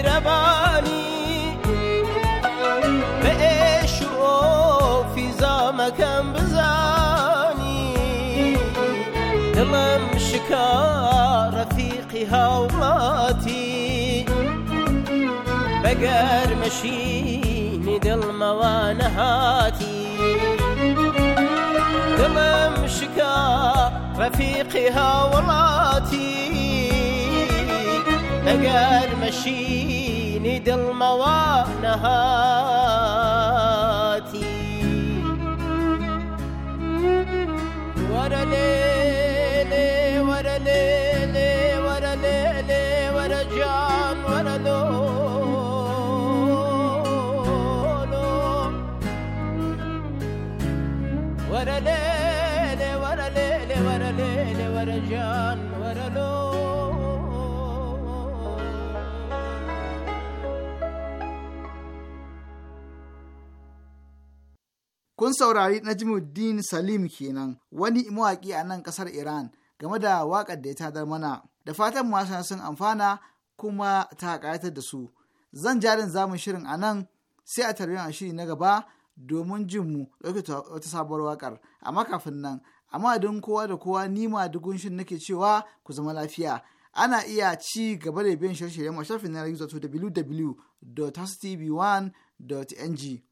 میرەبانی بە في و فیزامەکەم بزانی دڵم شکا ڕەفیقی هاوڵاتی بەگەر مەشینی دڵمەوە نەهاتی دڵم شکا ڕەفیقی هاوڵاتی بقال مشيني دل نهاتي ورا ليلي ورا Kun saurari Najmuddin Salim kenan wani mawaƙi a nan ƙasar Iran game da waƙar da ya tadar mana. Da fatan masu sun amfana kuma ta ƙayatar da su. Zan jarin zamun shirin a nan sai a tarbiyyar shiri na gaba domin jin mu ɗauke wata sabuwar waƙar. Amma kafin nan, amma don kowa da kowa nima dugun shin nake cewa ku zama lafiya. ana iya ci gaba da biyan shirye-shiryen mashafin na yanzu wato www.hostv1.ng.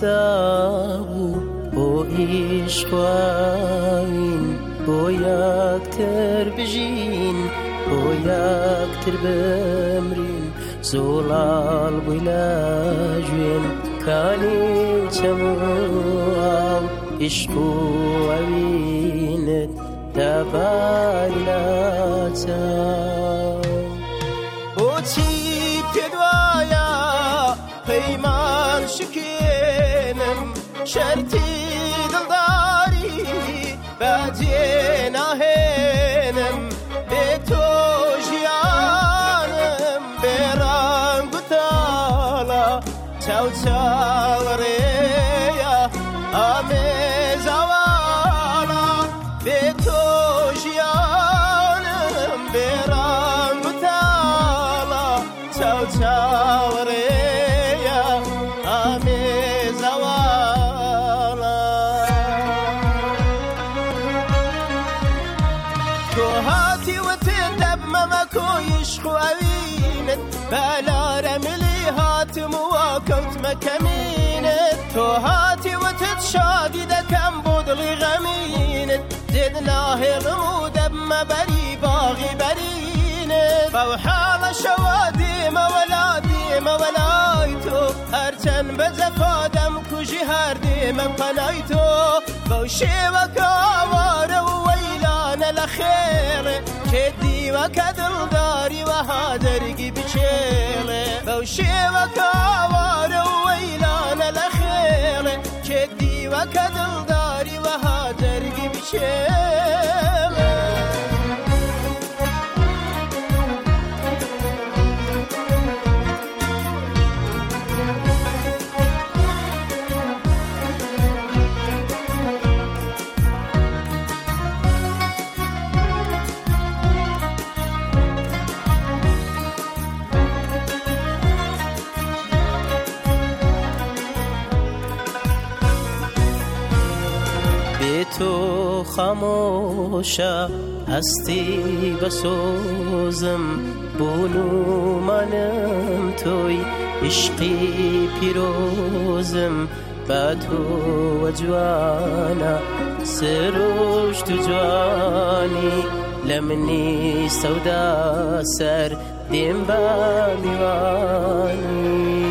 تاب ئیشخواین بۆ یاکتر بژین بۆ یاکتر بمرین زۆڵال بوویلاژێن کالی چەمڵ ئیشقوەوینت دەبارلاچە بۆچی پێدوایە پەیمان شکێنم شەرتی 八戒。عقلي غمين زدناه غمود أما بري باغي برين فوحال شوادي ما مولادي مولايتو هرچن بزفادم كجي هردي من قنايتو بوشي وكاوار ويلان لخير كدي وكدل داري وهادرقي بشيل بوشي وكاوار ويلان لخير كدي وكدل 却。خامۆشە هەستی بەسۆزم بوونمانم تۆی عشقی پیرۆزم بە تۆوە جوانە سرۆشت و جوانی لە منی سەودا سەر دێم بە میوانی